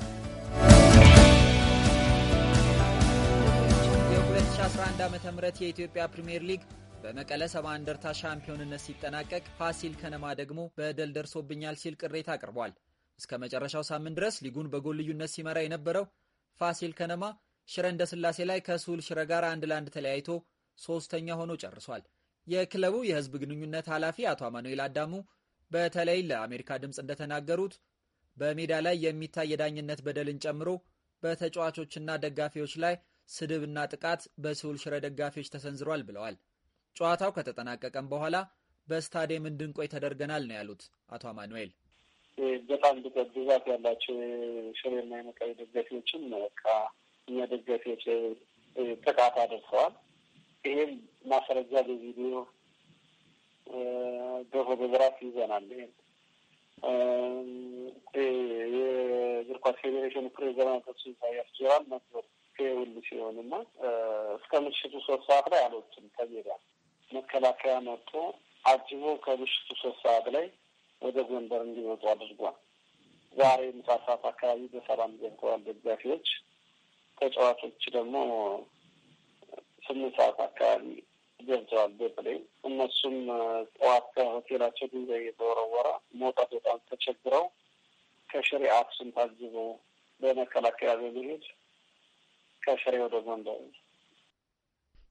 የኢትዮጵያ ፕሪምየር ሊግ በመቀለ ሰባ እንደርታ ሻምፒዮንነት ሲጠናቀቅ ፋሲል ከነማ ደግሞ በደል ደርሶብኛል ሲል ቅሬታ አቅርቧል። እስከ መጨረሻው ሳምንት ድረስ ሊጉን በጎል ልዩነት ሲመራ የነበረው ፋሲል ከነማ ሽረ እንደስላሴ ላይ ከሱል ሽረ ጋር አንድ ለአንድ ተለያይቶ ሶስተኛ ሆኖ ጨርሷል። የክለቡ የህዝብ ግንኙነት ኃላፊ አቶ አማኑኤል አዳሙ በተለይ ለአሜሪካ ድምፅ እንደተናገሩት በሜዳ ላይ የሚታይ የዳኝነት በደልን ጨምሮ በተጫዋቾችና ደጋፊዎች ላይ ስድብና ጥቃት በስሁል ሽረ ደጋፊዎች ተሰንዝሯል ብለዋል። ጨዋታው ከተጠናቀቀም በኋላ በስታዲየም እንድንቆይ ተደርገናል ነው ያሉት አቶ አማኑኤል። በጣም ብዛት ያላቸው ሽሬና የመቀሌ ደጋፊዎችም እኛ ደጋፊዎች ጥቃት አደርሰዋል። ይህም ማስረጃ በቪዲዮ በፎቶግራፍ ይዘናል። ይህም የእግር ኳስ ፌዴሬሽን ፕሬዚዳንት ኢሳያስ ጀራል ነበሩ ይህ ሲሆን እና እስከ ምሽቱ ሶስት ሰዓት ላይ አልወጡም ከሜዳ መከላከያ መጥቶ አጅቦ ከምሽቱ ሶስት ሰዓት ላይ ወደ ጎንደር እንዲመጡ አድርጓል። ዛሬ ምሳ ሰዓት አካባቢ በሰላም ገብተዋል ደጋፊዎች። ተጫዋቾች ደግሞ ስምንት ሰዓት አካባቢ ገብተዋል በተለይ እነሱም ጠዋት ከሆቴላቸው ድንጋይ እየተወረወረ መውጣት በጣም ተቸግረው ከሽሬ አክሱም ታጅበው በመከላከያ በመሄድ ከሽሬ ወደ ጎንደር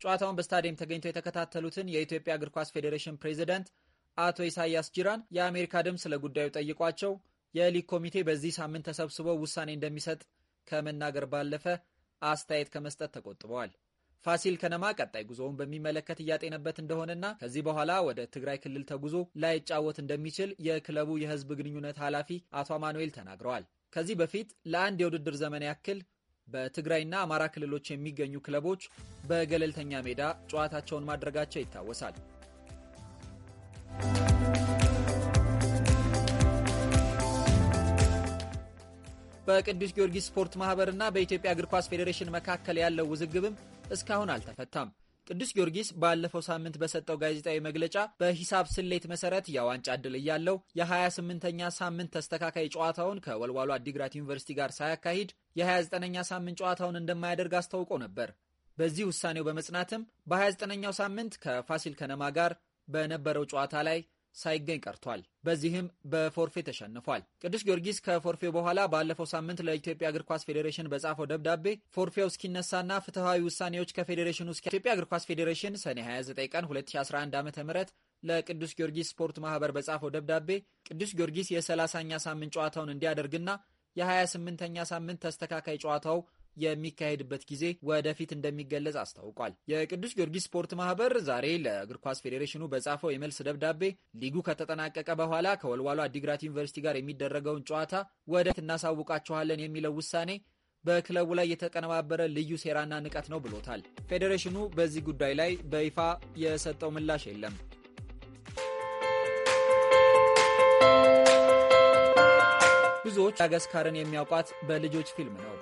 ጨዋታውን በስታዲየም ተገኝተው የተከታተሉትን የኢትዮጵያ እግር ኳስ ፌዴሬሽን ፕሬዚደንት አቶ ኢሳያስ ጂራን የአሜሪካ ድምፅ ለጉዳዩ ጠይቋቸው የሊግ ኮሚቴ በዚህ ሳምንት ተሰብስቦ ውሳኔ እንደሚሰጥ ከመናገር ባለፈ አስተያየት ከመስጠት ተቆጥበዋል። ፋሲል ከነማ ቀጣይ ጉዞውን በሚመለከት እያጤነበት እንደሆነና ከዚህ በኋላ ወደ ትግራይ ክልል ተጉዞ ላይጫወት እንደሚችል የክለቡ የሕዝብ ግንኙነት ኃላፊ አቶ አማኑኤል ተናግረዋል። ከዚህ በፊት ለአንድ የውድድር ዘመን ያክል በትግራይና አማራ ክልሎች የሚገኙ ክለቦች በገለልተኛ ሜዳ ጨዋታቸውን ማድረጋቸው ይታወሳል። በቅዱስ ጊዮርጊስ ስፖርት ማህበርና በኢትዮጵያ እግር ኳስ ፌዴሬሽን መካከል ያለው ውዝግብም እስካሁን አልተፈታም። ቅዱስ ጊዮርጊስ ባለፈው ሳምንት በሰጠው ጋዜጣዊ መግለጫ በሂሳብ ስሌት መሰረት የዋንጫ ድል እያለው የ28ኛ ሳምንት ተስተካካይ ጨዋታውን ከወልዋሎ አዲግራት ዩኒቨርሲቲ ጋር ሳያካሂድ የ29ኛ ሳምንት ጨዋታውን እንደማያደርግ አስታውቆ ነበር። በዚህ ውሳኔው በመጽናትም በ29ኛው ሳምንት ከፋሲል ከነማ ጋር በነበረው ጨዋታ ላይ ሳይገኝ ቀርቷል። በዚህም በፎርፌ ተሸንፏል። ቅዱስ ጊዮርጊስ ከፎርፌ በኋላ ባለፈው ሳምንት ለኢትዮጵያ እግር ኳስ ፌዴሬሽን በጻፈው ደብዳቤ ፎርፌው እስኪነሳና ፍትሐዊ ውሳኔዎች ከፌዴሬሽኑ እስኪ ኢትዮጵያ እግር ኳስ ፌዴሬሽን ሰኔ 29 ቀን 2011 ዓ ም ለቅዱስ ጊዮርጊስ ስፖርት ማህበር በጻፈው ደብዳቤ ቅዱስ ጊዮርጊስ የ30ኛ ሳምንት ጨዋታውን እንዲያደርግና የ28ኛ ሳምንት ተስተካካይ ጨዋታው የሚካሄድበት ጊዜ ወደፊት እንደሚገለጽ አስታውቋል። የቅዱስ ጊዮርጊስ ስፖርት ማህበር ዛሬ ለእግር ኳስ ፌዴሬሽኑ በጻፈው የመልስ ደብዳቤ ሊጉ ከተጠናቀቀ በኋላ ከወልዋሎ አዲግራት ዩኒቨርሲቲ ጋር የሚደረገውን ጨዋታ ወደፊት እናሳውቃችኋለን የሚለው ውሳኔ በክለቡ ላይ የተቀነባበረ ልዩ ሴራና ንቀት ነው ብሎታል። ፌዴሬሽኑ በዚህ ጉዳይ ላይ በይፋ የሰጠው ምላሽ የለም። ብዙዎች ማዳጋስካርን የሚያውቋት በልጆች ፊልም ነው።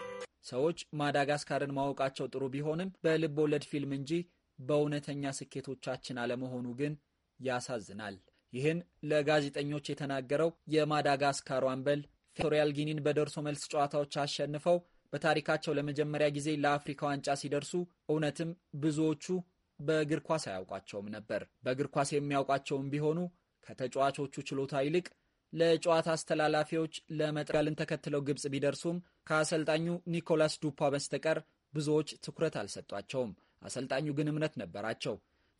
ሰዎች ማዳጋስካርን ማወቃቸው ጥሩ ቢሆንም በልብ ወለድ ፊልም እንጂ በእውነተኛ ስኬቶቻችን አለመሆኑ ግን ያሳዝናል። ይህን ለጋዜጠኞች የተናገረው የማዳጋስካሩ አምበል ኢኳቶሪያል ጊኒን በደርሶ መልስ ጨዋታዎች አሸንፈው በታሪካቸው ለመጀመሪያ ጊዜ ለአፍሪካ ዋንጫ ሲደርሱ እውነትም ብዙዎቹ በእግር ኳስ አያውቋቸውም ነበር። በእግር ኳስ የሚያውቋቸውም ቢሆኑ ከተጫዋቾቹ ችሎታ ይልቅ ለጨዋታ አስተላላፊዎች ለመጥጋልን ተከትለው ግብጽ ቢደርሱም ከአሰልጣኙ ኒኮላስ ዱፓ በስተቀር ብዙዎች ትኩረት አልሰጧቸውም። አሰልጣኙ ግን እምነት ነበራቸው።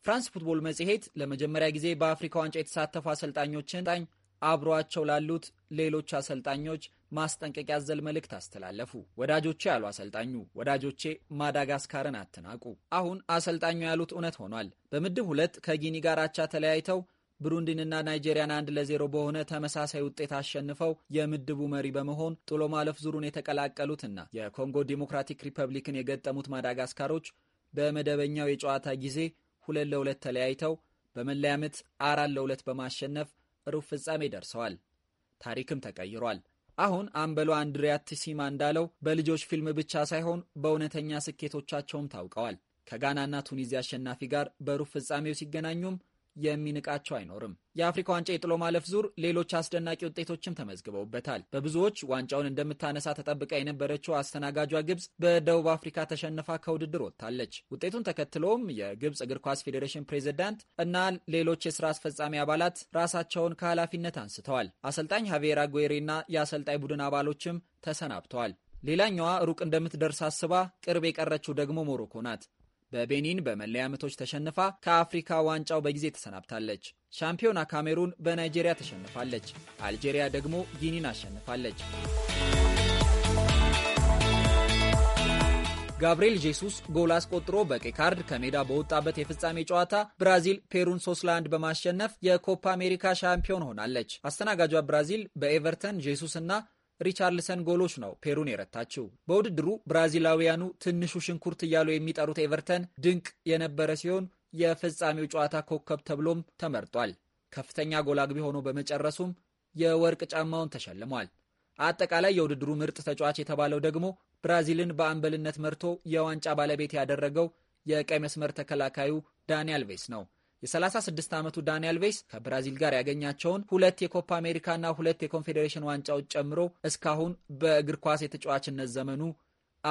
ፍራንስ ፉትቦል መጽሔት ለመጀመሪያ ጊዜ በአፍሪካ ዋንጫ የተሳተፉ አሰልጣኞችን ጣኝ አብሯቸው ላሉት ሌሎች አሰልጣኞች ማስጠንቀቂያ አዘል መልእክት አስተላለፉ። ወዳጆቼ ያሉ አሰልጣኙ ወዳጆቼ ማዳጋስካርን አትናቁ። አሁን አሰልጣኙ ያሉት እውነት ሆኗል። በምድብ ሁለት ከጊኒ ጋር አቻ ተለያይተው ብሩንዲንና ናይጄሪያን አንድ ለዜሮ በሆነ ተመሳሳይ ውጤት አሸንፈው የምድቡ መሪ በመሆን ጥሎ ማለፍ ዙሩን የተቀላቀሉትና የኮንጎ ዲሞክራቲክ ሪፐብሊክን የገጠሙት ማዳጋስካሮች በመደበኛው የጨዋታ ጊዜ ሁለት ለሁለት ተለያይተው በመለያ ምት አራት ለሁለት በማሸነፍ ሩብ ፍጻሜ ደርሰዋል። ታሪክም ተቀይሯል። አሁን አምበሉ አንድሪያ ቲሲማ እንዳለው በልጆች ፊልም ብቻ ሳይሆን በእውነተኛ ስኬቶቻቸውም ታውቀዋል። ከጋናና ቱኒዚያ አሸናፊ ጋር በሩብ ፍጻሜው ሲገናኙም የሚንቃቸው አይኖርም። የአፍሪካ ዋንጫ የጥሎ ማለፍ ዙር ሌሎች አስደናቂ ውጤቶችም ተመዝግበውበታል። በብዙዎች ዋንጫውን እንደምታነሳ ተጠብቃ የነበረችው አስተናጋጇ ግብጽ በደቡብ አፍሪካ ተሸንፋ ከውድድር ወጥታለች። ውጤቱን ተከትሎም የግብጽ እግር ኳስ ፌዴሬሽን ፕሬዝዳንት እና ሌሎች የስራ አስፈጻሚ አባላት ራሳቸውን ከኃላፊነት አንስተዋል። አሰልጣኝ ሀቬራ ጉዌሬና የአሰልጣኝ ቡድን አባሎችም ተሰናብተዋል። ሌላኛዋ ሩቅ እንደምትደርስ አስባ ቅርብ የቀረችው ደግሞ ሞሮኮ ናት። በቤኒን በመለያ ምቶች ተሸንፋ ከአፍሪካ ዋንጫው በጊዜ ተሰናብታለች። ሻምፒዮና ካሜሩን በናይጄሪያ ተሸንፋለች። አልጄሪያ ደግሞ ጊኒን አሸንፋለች። ጋብርኤል ጄሱስ ጎል አስቆጥሮ በቀይ ካርድ ከሜዳ በወጣበት የፍጻሜ ጨዋታ ብራዚል ፔሩን ሶስት ለአንድ በማሸነፍ የኮፓ አሜሪካ ሻምፒዮን ሆናለች። አስተናጋጇ ብራዚል በኤቨርተን ጄሱስ እና ሪቻርልሰን ጎሎች ነው ፔሩን የረታችው። በውድድሩ ብራዚላውያኑ ትንሹ ሽንኩርት እያሉ የሚጠሩት ኤቨርተን ድንቅ የነበረ ሲሆን የፍጻሜው ጨዋታ ኮከብ ተብሎም ተመርጧል። ከፍተኛ ጎል አግቢ ሆኖ በመጨረሱም የወርቅ ጫማውን ተሸልሟል። አጠቃላይ የውድድሩ ምርጥ ተጫዋች የተባለው ደግሞ ብራዚልን በአምበልነት መርቶ የዋንጫ ባለቤት ያደረገው የቀይ መስመር ተከላካዩ ዳኒ አልቬስ ነው። የ36 ዓመቱ ዳንኤል ቬይስ ከብራዚል ጋር ያገኛቸውን ሁለት የኮፓ አሜሪካና ሁለት የኮንፌዴሬሽን ዋንጫዎች ጨምሮ እስካሁን በእግር ኳስ የተጫዋችነት ዘመኑ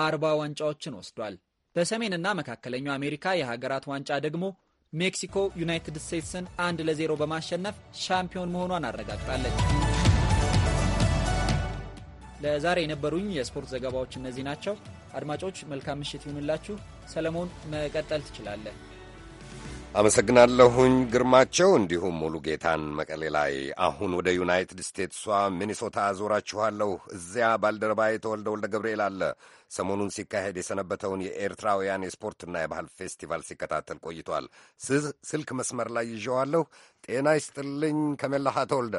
አርባ ዋንጫዎችን ወስዷል። በሰሜንና መካከለኛው አሜሪካ የሀገራት ዋንጫ ደግሞ ሜክሲኮ ዩናይትድ ስቴትስን አንድ ለዜሮ በማሸነፍ ሻምፒዮን መሆኗን አረጋግጣለች። ለዛሬ የነበሩኝ የስፖርት ዘገባዎች እነዚህ ናቸው። አድማጮች መልካም ምሽት ይሁንላችሁ። ሰለሞን መቀጠል ትችላለህ። አመሰግናለሁኝ ግርማቸው፣ እንዲሁም ሙሉ ጌታን መቀሌ ላይ። አሁን ወደ ዩናይትድ ስቴትሷ ሚኒሶታ አዞራችኋለሁ። እዚያ ባልደረባ የተወልደ ወልደ ገብርኤል አለ። ሰሞኑን ሲካሄድ የሰነበተውን የኤርትራውያን የስፖርትና የባህል ፌስቲቫል ሲከታተል ቆይቷል። ስልክ መስመር ላይ ይዤዋለሁ። ጤና ይስጥልኝ ከመላሃ ተወልደ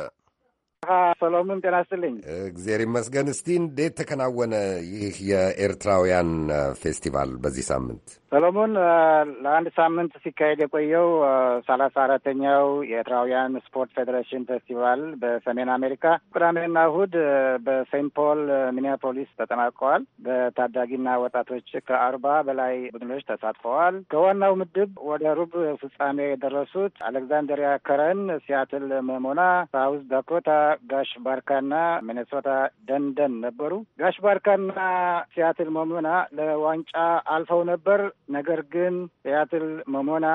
ሰሎሞን ጤና ይስጥልኝ። እግዜር ይመስገን። እስቲ እንዴት ተከናወነ ይህ የኤርትራውያን ፌስቲቫል በዚህ ሳምንት? ሰሎሞን ለአንድ ሳምንት ሲካሄድ የቆየው ሰላሳ አራተኛው የኤርትራውያን ስፖርት ፌዴሬሽን ፌስቲቫል በሰሜን አሜሪካ ቅዳሜና እሁድ በሴንት ፖል ሚኒያፖሊስ ተጠናቀዋል። በታዳጊና ወጣቶች ከአርባ በላይ ቡድኖች ተሳትፈዋል። ከዋናው ምድብ ወደ ሩብ ፍጻሜ የደረሱት አሌክዛንደሪያ ከረን፣ ሲያትል መሞና፣ ሳውዝ ዳኮታ ጋሽ ባርካና ሚኔሶታ ደንደን ነበሩ። ጋሽ ባርካና ሲያትል መሞና ለዋንጫ አልፈው ነበር። ነገር ግን ሲያትል መሞና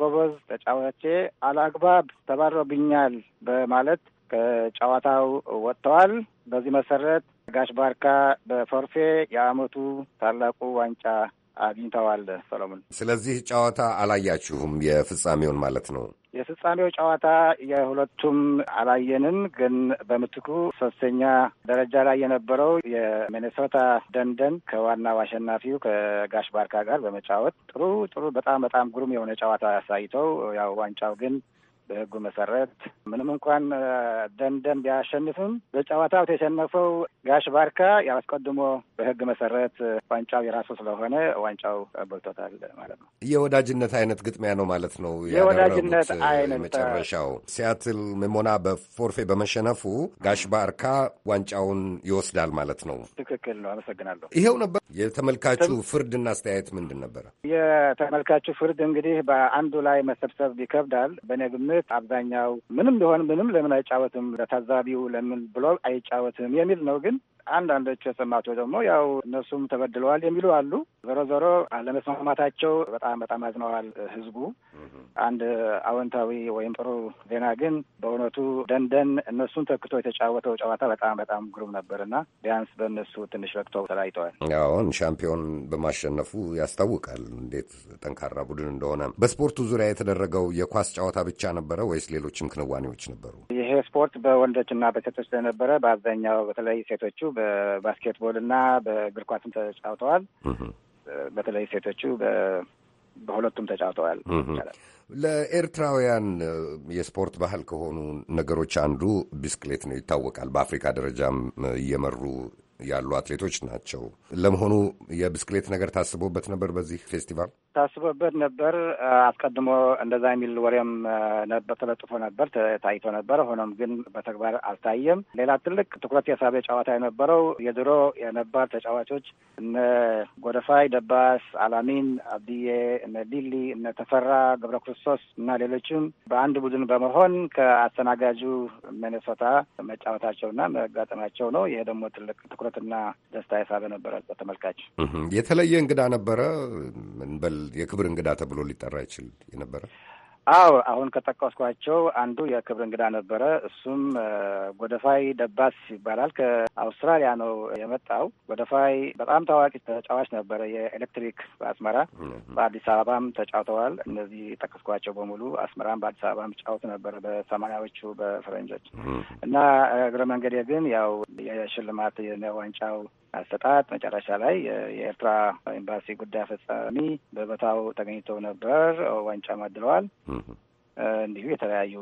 ጎበዝ ተጫዋቼ አላግባብ ተባሮብኛል በማለት ከጨዋታው ወጥተዋል። በዚህ መሰረት ጋሽ ባርካ በፎርፌ የአመቱ ታላቁ ዋንጫ አግኝተዋል ሰሎሞን። ስለዚህ ጨዋታ አላያችሁም የፍጻሜውን ማለት ነው? የፍጻሜው ጨዋታ የሁለቱም አላየንም፣ ግን በምትኩ ሶስተኛ ደረጃ ላይ የነበረው የሚኔሶታ ደንደን ከዋናው አሸናፊው ከጋሽ ባርካ ጋር በመጫወት ጥሩ ጥሩ በጣም በጣም ግሩም የሆነ ጨዋታ አሳይተው ያው ዋንጫው ግን በህጉ መሰረት ምንም እንኳን ደምደም ቢያሸንፍም በጨዋታው የተሸነፈው ጋሽ ባርካ ያስቀድሞ አስቀድሞ በህግ መሰረት ዋንጫው የራሱ ስለሆነ ዋንጫው በልቶታል ማለት ነው። የወዳጅነት አይነት ግጥሚያ ነው ማለት ነው። የወዳጅነት አይነት መጨረሻው ሲያትል ሜሞና በፎርፌ በመሸነፉ ጋሽ ባርካ ዋንጫውን ይወስዳል ማለት ነው። ትክክል ነው። አመሰግናለሁ። ይኸው ነበር የተመልካቹ ፍርድና አስተያየት ምንድን ነበረ? የተመልካቹ ፍርድ እንግዲህ በአንዱ ላይ መሰብሰብ ይከብዳል። በእኔ ግምት ማለት አብዛኛው ምንም ቢሆን ምንም ለምን አይጫወትም ለታዛቢው ለምን ብሎ አይጫወትም የሚል ነው። ግን አንዳንዶቹ የሰማቸው ደግሞ ያው እነሱም ተበድለዋል የሚሉ አሉ። ዞሮ ዞሮ አለመስማማታቸው በጣም በጣም አዝነዋል ህዝቡ። አንድ አዎንታዊ ወይም ጥሩ ዜና ግን በእውነቱ ደንደን እነሱን ተክቶ የተጫወተው ጨዋታ በጣም በጣም ግሩም ነበርና ቢያንስ በእነሱ ትንሽ ረክተው ተለያይተዋል። አሁን ሻምፒዮን በማሸነፉ ያስታውቃል እንዴት ጠንካራ ቡድን እንደሆነ። በስፖርቱ ዙሪያ የተደረገው የኳስ ጨዋታ ብቻ ነበረ ወይስ ሌሎችም ክንዋኔዎች ነበሩ? ይሄ ስፖርት በወንዶችና በሴቶች ስለነበረ በአብዛኛው በተለይ ሴቶቹ በባስኬትቦል እና በእግር ኳስም ተጫውተዋል። በተለይ ሴቶቹ በሁለቱም ተጫውተዋል። ለኤርትራውያን የስፖርት ባህል ከሆኑ ነገሮች አንዱ ቢስክሌት ነው፣ ይታወቃል። በአፍሪካ ደረጃም እየመሩ ያሉ አትሌቶች ናቸው። ለመሆኑ የብስክሌት ነገር ታስቦበት ነበር በዚህ ፌስቲቫል? ታስቦበት ነበር። አስቀድሞ እንደዛ የሚል ወሬም ተለጥፎ ነበር፣ ታይቶ ነበር። ሆኖም ግን በተግባር አልታየም። ሌላ ትልቅ ትኩረት የሳበ ጨዋታ የነበረው የድሮ የነባር ተጫዋቾች እነ ጎደፋይ ደባስ፣ አላሚን አብድዬ፣ እነ ዲሊ፣ እነ ተፈራ ገብረ ክርስቶስ እና ሌሎችም በአንድ ቡድን በመሆን ከአስተናጋጁ ሚኔሶታ መጫወታቸውና መጋጠማቸው ነው። ይሄ ደግሞ ትልቅ ትኩረት ያለበትና ደስታ የሳበ ነበረ። በተመልካች የተለየ እንግዳ ነበረ። እንበል የክብር እንግዳ ተብሎ ሊጠራ ይችል የነበረ አዎ አሁን ከጠቀስኳቸው አንዱ የክብር እንግዳ ነበረ። እሱም ጎደፋይ ደባስ ይባላል። ከአውስትራሊያ ነው የመጣው። ጎደፋይ በጣም ታዋቂ ተጫዋች ነበረ የኤሌክትሪክ በአስመራ በአዲስ አበባም ተጫውተዋል። እነዚህ ጠቀስኳቸው በሙሉ አስመራም በአዲስ አበባም ጫወቱ ነበረ በሰማንያዎቹ በፈረንጆች እና እግረ መንገዴ ግን ያው የሽልማት ዋንጫው አሰጣጥ መጨረሻ ላይ የኤርትራ ኤምባሲ ጉዳይ አፈጻሚ በቦታው ተገኝቶ ነበር። ዋንጫም አድለዋል። እንዲሁ የተለያዩ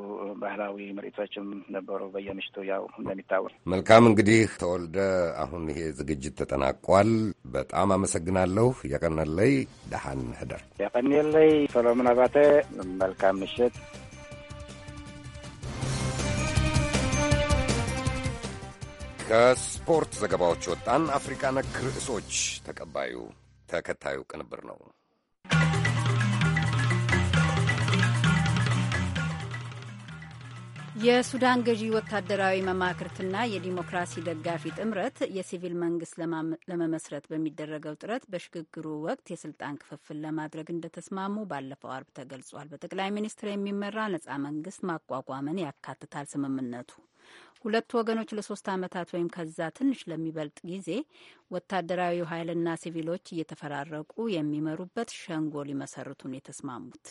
ባህላዊ ምርኢቶችም ነበሩ በየምሽቱ ያው እንደሚታወቅ። መልካም እንግዲህ ተወልደ፣ አሁን ይሄ ዝግጅት ተጠናቋል። በጣም አመሰግናለሁ። የቀነለይ ደሃን ህደር የቀኔለይ ሰሎሞን አባተ መልካም ምሽት። ከስፖርት ዘገባዎች ወጣን። አፍሪካ ነክ ርዕሶች ተቀባዩ ተከታዩ ቅንብር ነው። የሱዳን ገዢ ወታደራዊ መማክርትና የዲሞክራሲ ደጋፊ ጥምረት የሲቪል መንግስት ለመመስረት በሚደረገው ጥረት በሽግግሩ ወቅት የስልጣን ክፍፍል ለማድረግ እንደተስማሙ ባለፈው አርብ ተገልጿል። በጠቅላይ ሚኒስትር የሚመራ ነጻ መንግስት ማቋቋምን ያካትታል ስምምነቱ። ሁለቱ ወገኖች ለሶስት ዓመታት ወይም ከዛ ትንሽ ለሚበልጥ ጊዜ ወታደራዊ ኃይልና ሲቪሎች እየተፈራረቁ የሚመሩበት ሸንጎ ሊመሰርቱ ነው የተስማሙት።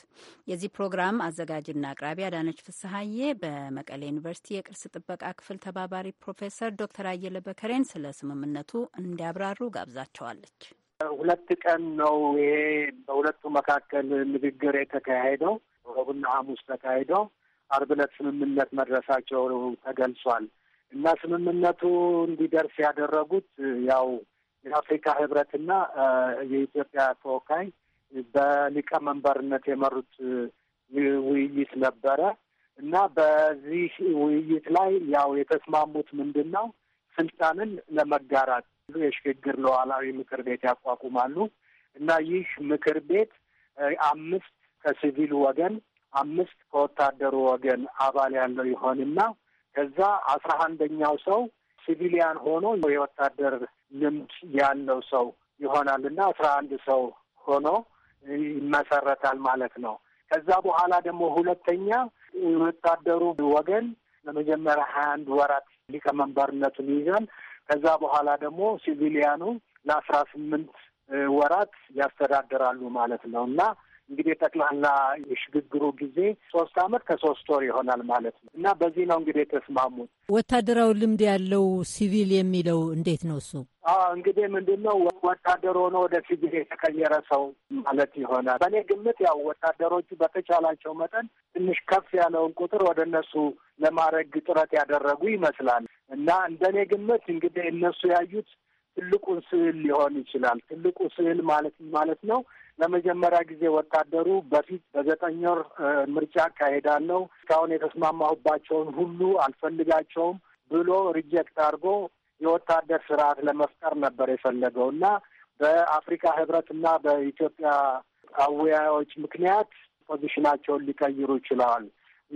የዚህ ፕሮግራም አዘጋጅና አቅራቢ አዳነች ፍስሀዬ በመቀሌ ዩኒቨርሲቲ የቅርስ ጥበቃ ክፍል ተባባሪ ፕሮፌሰር ዶክተር አየለ በከሬን ስለ ስምምነቱ እንዲያብራሩ ጋብዛቸዋለች። ሁለት ቀን ነው ይሄ በሁለቱ መካከል ንግግር የተካሄደው፣ ረቡዕና ሐሙስ ተካሂደው አርብ ዕለት ስምምነት መድረሳቸው ተገልጿል እና ስምምነቱ እንዲደርስ ያደረጉት ያው የአፍሪካ ህብረትና የኢትዮጵያ ተወካይ በሊቀመንበርነት የመሩት ውይይት ነበረ እና በዚህ ውይይት ላይ ያው የተስማሙት ምንድን ነው? ስልጣንን ለመጋራት የሽግግር ለዋላዊ ምክር ቤት ያቋቁማሉ እና ይህ ምክር ቤት አምስት ከሲቪሉ ወገን አምስት ከወታደሩ ወገን አባል ያለው ይሆንና ከዛ አስራ አንደኛው ሰው ሲቪሊያን ሆኖ የወታደር ልምድ ያለው ሰው ይሆናል እና አስራ አንድ ሰው ሆኖ ይመሰረታል ማለት ነው። ከዛ በኋላ ደግሞ ሁለተኛ የወታደሩ ወገን ለመጀመሪያ ሀያ አንድ ወራት ሊቀመንበርነቱን ይይዛል። ከዛ በኋላ ደግሞ ሲቪሊያኑ ለአስራ ስምንት ወራት ያስተዳድራሉ ማለት ነው እና እንግዲህ የጠቅላላ የሽግግሩ ጊዜ ሶስት አመት ከሶስት ወር ይሆናል ማለት ነው እና በዚህ ነው እንግዲህ የተስማሙት። ወታደራዊ ልምድ ያለው ሲቪል የሚለው እንዴት ነው እሱ? እንግዲህ ምንድን ነው ወታደር ሆኖ ወደ ሲቪል የተቀየረ ሰው ማለት ይሆናል። በእኔ ግምት ያው ወታደሮቹ በተቻላቸው መጠን ትንሽ ከፍ ያለውን ቁጥር ወደ እነሱ ለማድረግ ጥረት ያደረጉ ይመስላል እና እንደ እኔ ግምት እንግዲህ እነሱ ያዩት ትልቁን ስዕል ሊሆን ይችላል። ትልቁ ስዕል ማለት ማለት ነው ለመጀመሪያ ጊዜ ወታደሩ በፊት በዘጠኝ ወር ምርጫ አካሄዳለሁ እስካሁን የተስማማሁባቸውን ሁሉ አልፈልጋቸውም ብሎ ሪጀክት አድርጎ የወታደር ስርዓት ለመፍጠር ነበር የፈለገው እና በአፍሪካ ህብረት እና በኢትዮጵያ አወያዮች ምክንያት ፖዚሽናቸውን ሊቀይሩ ይችለዋል።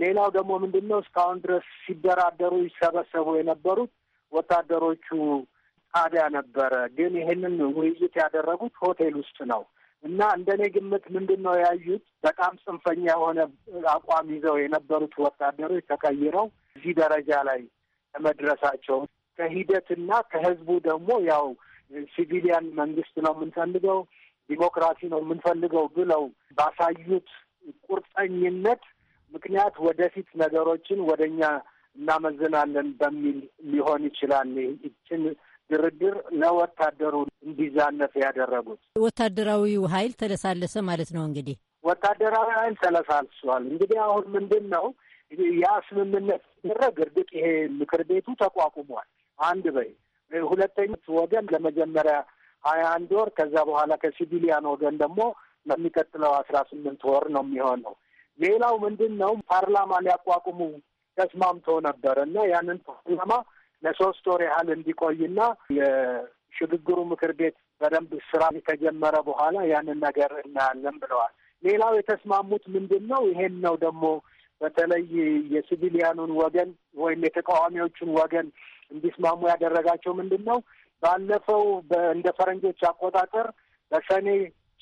ሌላው ደግሞ ምንድን ነው እስካሁን ድረስ ሲደራደሩ ይሰበሰቡ የነበሩት ወታደሮቹ ጣቢያ ነበረ። ግን ይህንን ውይይት ያደረጉት ሆቴል ውስጥ ነው። እና እንደ እኔ ግምት ምንድን ነው ያዩት በጣም ጽንፈኛ የሆነ አቋም ይዘው የነበሩት ወታደሮች ተቀይረው እዚህ ደረጃ ላይ መድረሳቸው ከሂደትና ከህዝቡ ደግሞ ያው ሲቪሊያን መንግስት ነው የምንፈልገው፣ ዲሞክራሲ ነው የምንፈልገው ብለው ባሳዩት ቁርጠኝነት ምክንያት ወደፊት ነገሮችን ወደ እኛ እናመዝናለን በሚል ሊሆን ይችላል ይችን ድርድር ለወታደሩ እንዲዛነፍ ያደረጉት ወታደራዊው ኃይል ተለሳለሰ ማለት ነው። እንግዲህ ወታደራዊ ኃይል ተለሳልሷል። እንግዲህ አሁን ምንድን ነው ያ ስምምነት ሲደረግ፣ እርግጥ ይሄ ምክር ቤቱ ተቋቁሟል። አንድ በይ ሁለተኛ ወገን ለመጀመሪያ ሀያ አንድ ወር ከዛ በኋላ ከሲቪሊያን ወገን ደግሞ ለሚቀጥለው አስራ ስምንት ወር ነው የሚሆነው። ሌላው ምንድን ነው ፓርላማ ሊያቋቁሙ ተስማምተው ነበር እና ያንን ፓርላማ ለሶስት ወር ያህል እንዲቆይና የሽግግሩ ምክር ቤት በደንብ ስራ ከጀመረ በኋላ ያንን ነገር እናያለን ብለዋል። ሌላው የተስማሙት ምንድን ነው? ይሄን ነው ደግሞ በተለይ የሲቪሊያኑን ወገን ወይም የተቃዋሚዎቹን ወገን እንዲስማሙ ያደረጋቸው ምንድን ነው? ባለፈው እንደ ፈረንጆች አቆጣጠር በሰኔ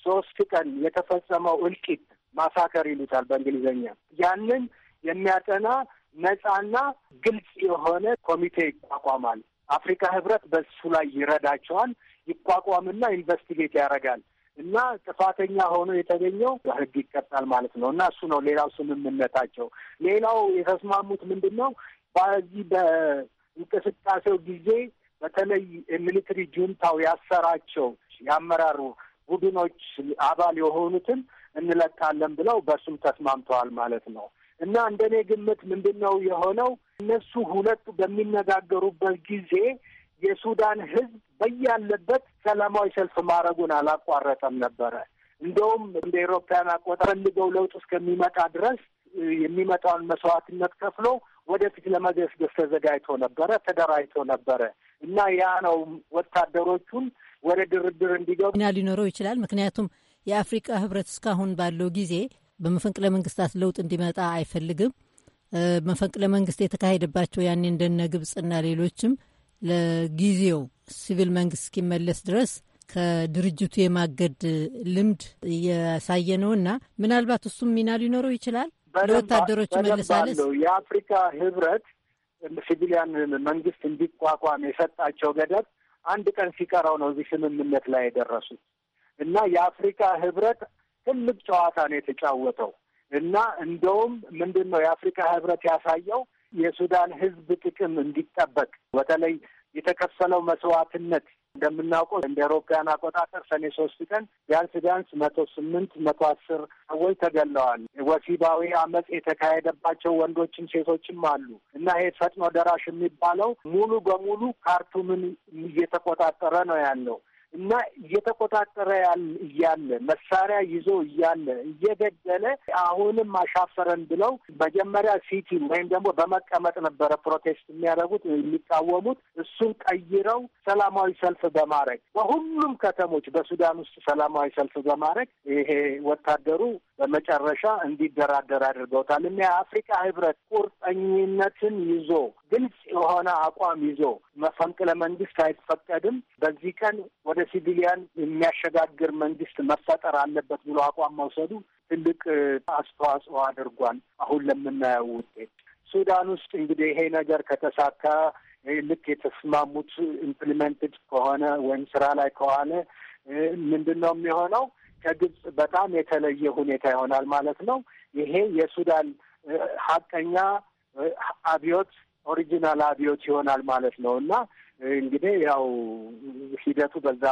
ሶስት ቀን የተፈጸመው እልቂት ማሳከር ይሉታል በእንግሊዝኛ። ያንን የሚያጠና ነጻና ግልጽ የሆነ ኮሚቴ ይቋቋማል። አፍሪካ ህብረት በሱ ላይ ይረዳቸዋል። ይቋቋምና ኢንቨስቲጌት ያደርጋል እና ጥፋተኛ ሆኖ የተገኘው በህግ ይቀጣል ማለት ነው። እና እሱ ነው ሌላው ስምምነታቸው። ሌላው የተስማሙት ምንድን ነው? በዚህ በእንቅስቃሴው ጊዜ በተለይ ሚሊትሪ ጁንታው ያሰራቸው ያመራሩ ቡድኖች አባል የሆኑትን እንለካለን ብለው በእሱም ተስማምተዋል ማለት ነው። እና እንደ እኔ ግምት ምንድን ነው የሆነው? እነሱ ሁለቱ በሚነጋገሩበት ጊዜ የሱዳን ህዝብ በያለበት ሰላማዊ ሰልፍ ማድረጉን አላቋረጠም ነበረ። እንደውም እንደ ኤሮፓያን አቆጣ ፈልገው ለውጥ እስከሚመጣ ድረስ የሚመጣውን መስዋዕትነት ከፍሎ ወደፊት ለመገስገስ ተዘጋጅቶ ነበረ፣ ተደራጅቶ ነበረ እና ያ ነው ወታደሮቹን ወደ ድርድር እንዲገቡ ና ሊኖረው ይችላል። ምክንያቱም የአፍሪቃ ህብረት እስካሁን ባለው ጊዜ በመፈንቅለ መንግስታት ለውጥ እንዲመጣ አይፈልግም። መፈንቅለ መንግስት የተካሄደባቸው ያኔ እንደነ ግብፅና ሌሎችም ለጊዜው ሲቪል መንግስት እስኪመለስ ድረስ ከድርጅቱ የማገድ ልምድ እያሳየ ነው እና ምናልባት እሱም ሚና ሊኖረው ይችላል። ለወታደሮች መልሳለስ የአፍሪካ ህብረት ሲቪሊያን መንግስት እንዲቋቋም የሰጣቸው ገደብ አንድ ቀን ሲቀረው ነው እዚህ ስምምነት ላይ የደረሱት እና የአፍሪካ ህብረት ትልቅ ጨዋታ ነው የተጫወተው እና እንደውም ምንድን ነው የአፍሪካ ህብረት ያሳየው የሱዳን ህዝብ ጥቅም እንዲጠበቅ በተለይ የተከፈለው መስዋዕትነት እንደምናውቀው እንደ አውሮፓውያን አቆጣጠር ሰኔ ሶስት ቀን ቢያንስ ቢያንስ መቶ ስምንት መቶ አስር ሰዎች ተገለዋል። ወሲባዊ አመፅ የተካሄደባቸው ወንዶችም ሴቶችም አሉ እና ይሄ ፈጥኖ ደራሽ የሚባለው ሙሉ በሙሉ ካርቱምን እየተቆጣጠረ ነው ያለው እና እየተቆጣጠረ እያለ መሳሪያ ይዞ እያለ እየገደለ አሁንም አሻፈረን ብለው መጀመሪያ ሲቲ ወይም ደግሞ በመቀመጥ ነበረ ፕሮቴስት የሚያደርጉት የሚቃወሙት። እሱን ቀይረው ሰላማዊ ሰልፍ በማድረግ በሁሉም ከተሞች በሱዳን ውስጥ ሰላማዊ ሰልፍ በማድረግ ይሄ ወታደሩ በመጨረሻ እንዲደራደር አድርገውታል እና የአፍሪካ ህብረት ቁርጠኝነትን ይዞ ግልጽ የሆነ አቋም ይዞ መፈንቅለ መንግስት አይፈቀድም፣ በዚህ ቀን ወደ ሲቪሊያን የሚያሸጋግር መንግስት መፈጠር አለበት ብሎ አቋም መውሰዱ ትልቅ አስተዋጽኦ አድርጓል። አሁን ለምናየው ውጤት ሱዳን ውስጥ እንግዲህ ይሄ ነገር ከተሳካ ልክ የተስማሙት ኢምፕሊመንትድ ከሆነ ወይም ስራ ላይ ከዋለ ምንድን ነው የሚሆነው? ከግብጽ በጣም የተለየ ሁኔታ ይሆናል ማለት ነው። ይሄ የሱዳን ሀቀኛ አብዮት ኦሪጂናል አብዮት ይሆናል ማለት ነው። እና እንግዲህ ያው ሂደቱ በዛ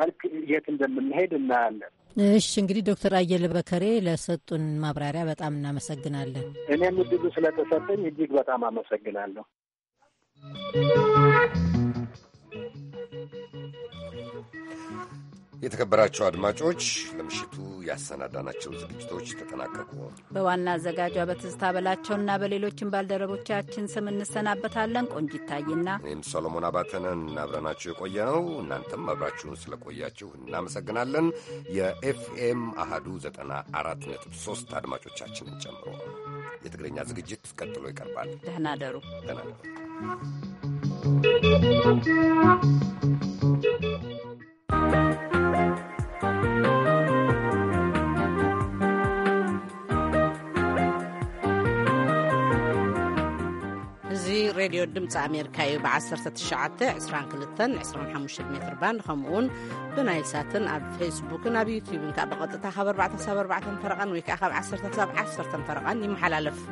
መልክ የት እንደምንሄድ እናያለን። እሺ እንግዲህ ዶክተር አየለ በከሬ ለሰጡን ማብራሪያ በጣም እናመሰግናለን። እኔም እድሉ ስለተሰጠኝ እጅግ በጣም አመሰግናለሁ። የተከበራቸው አድማጮች ለምሽቱ ያሰናዳናቸው ዝግጅቶች ተጠናቀቁ። በዋና አዘጋጇ በትዝታ በላቸውና በሌሎችም ባልደረቦቻችን ስም እንሰናበታለን። ቆንጅ ይታይና እኔም ሰሎሞን አባተንን አብረናችሁ የቆየ ነው። እናንተም አብራችሁን ስለቆያችሁ እናመሰግናለን። የኤፍኤም አሃዱ 94.3 አድማጮቻችንን ጨምሮ የትግርኛ ዝግጅት ቀጥሎ ይቀርባል። ደህና ደሩ። ደህና ደሩ። ሬድዮ ድምፂ ኣሜሪካ እዩ ብ 1922 25 ሜትር ባንድ ከምኡውን ብናይል ሳትን ኣብ ፌስቡክን ኣብ ዩቲብን ካብ ብቐጥታ ካብ 4 ሳብ 4 ፈረቐን ወይ ከዓ ካብ 1 ሳብ 1 ፈረቐን ይመሓላለፍ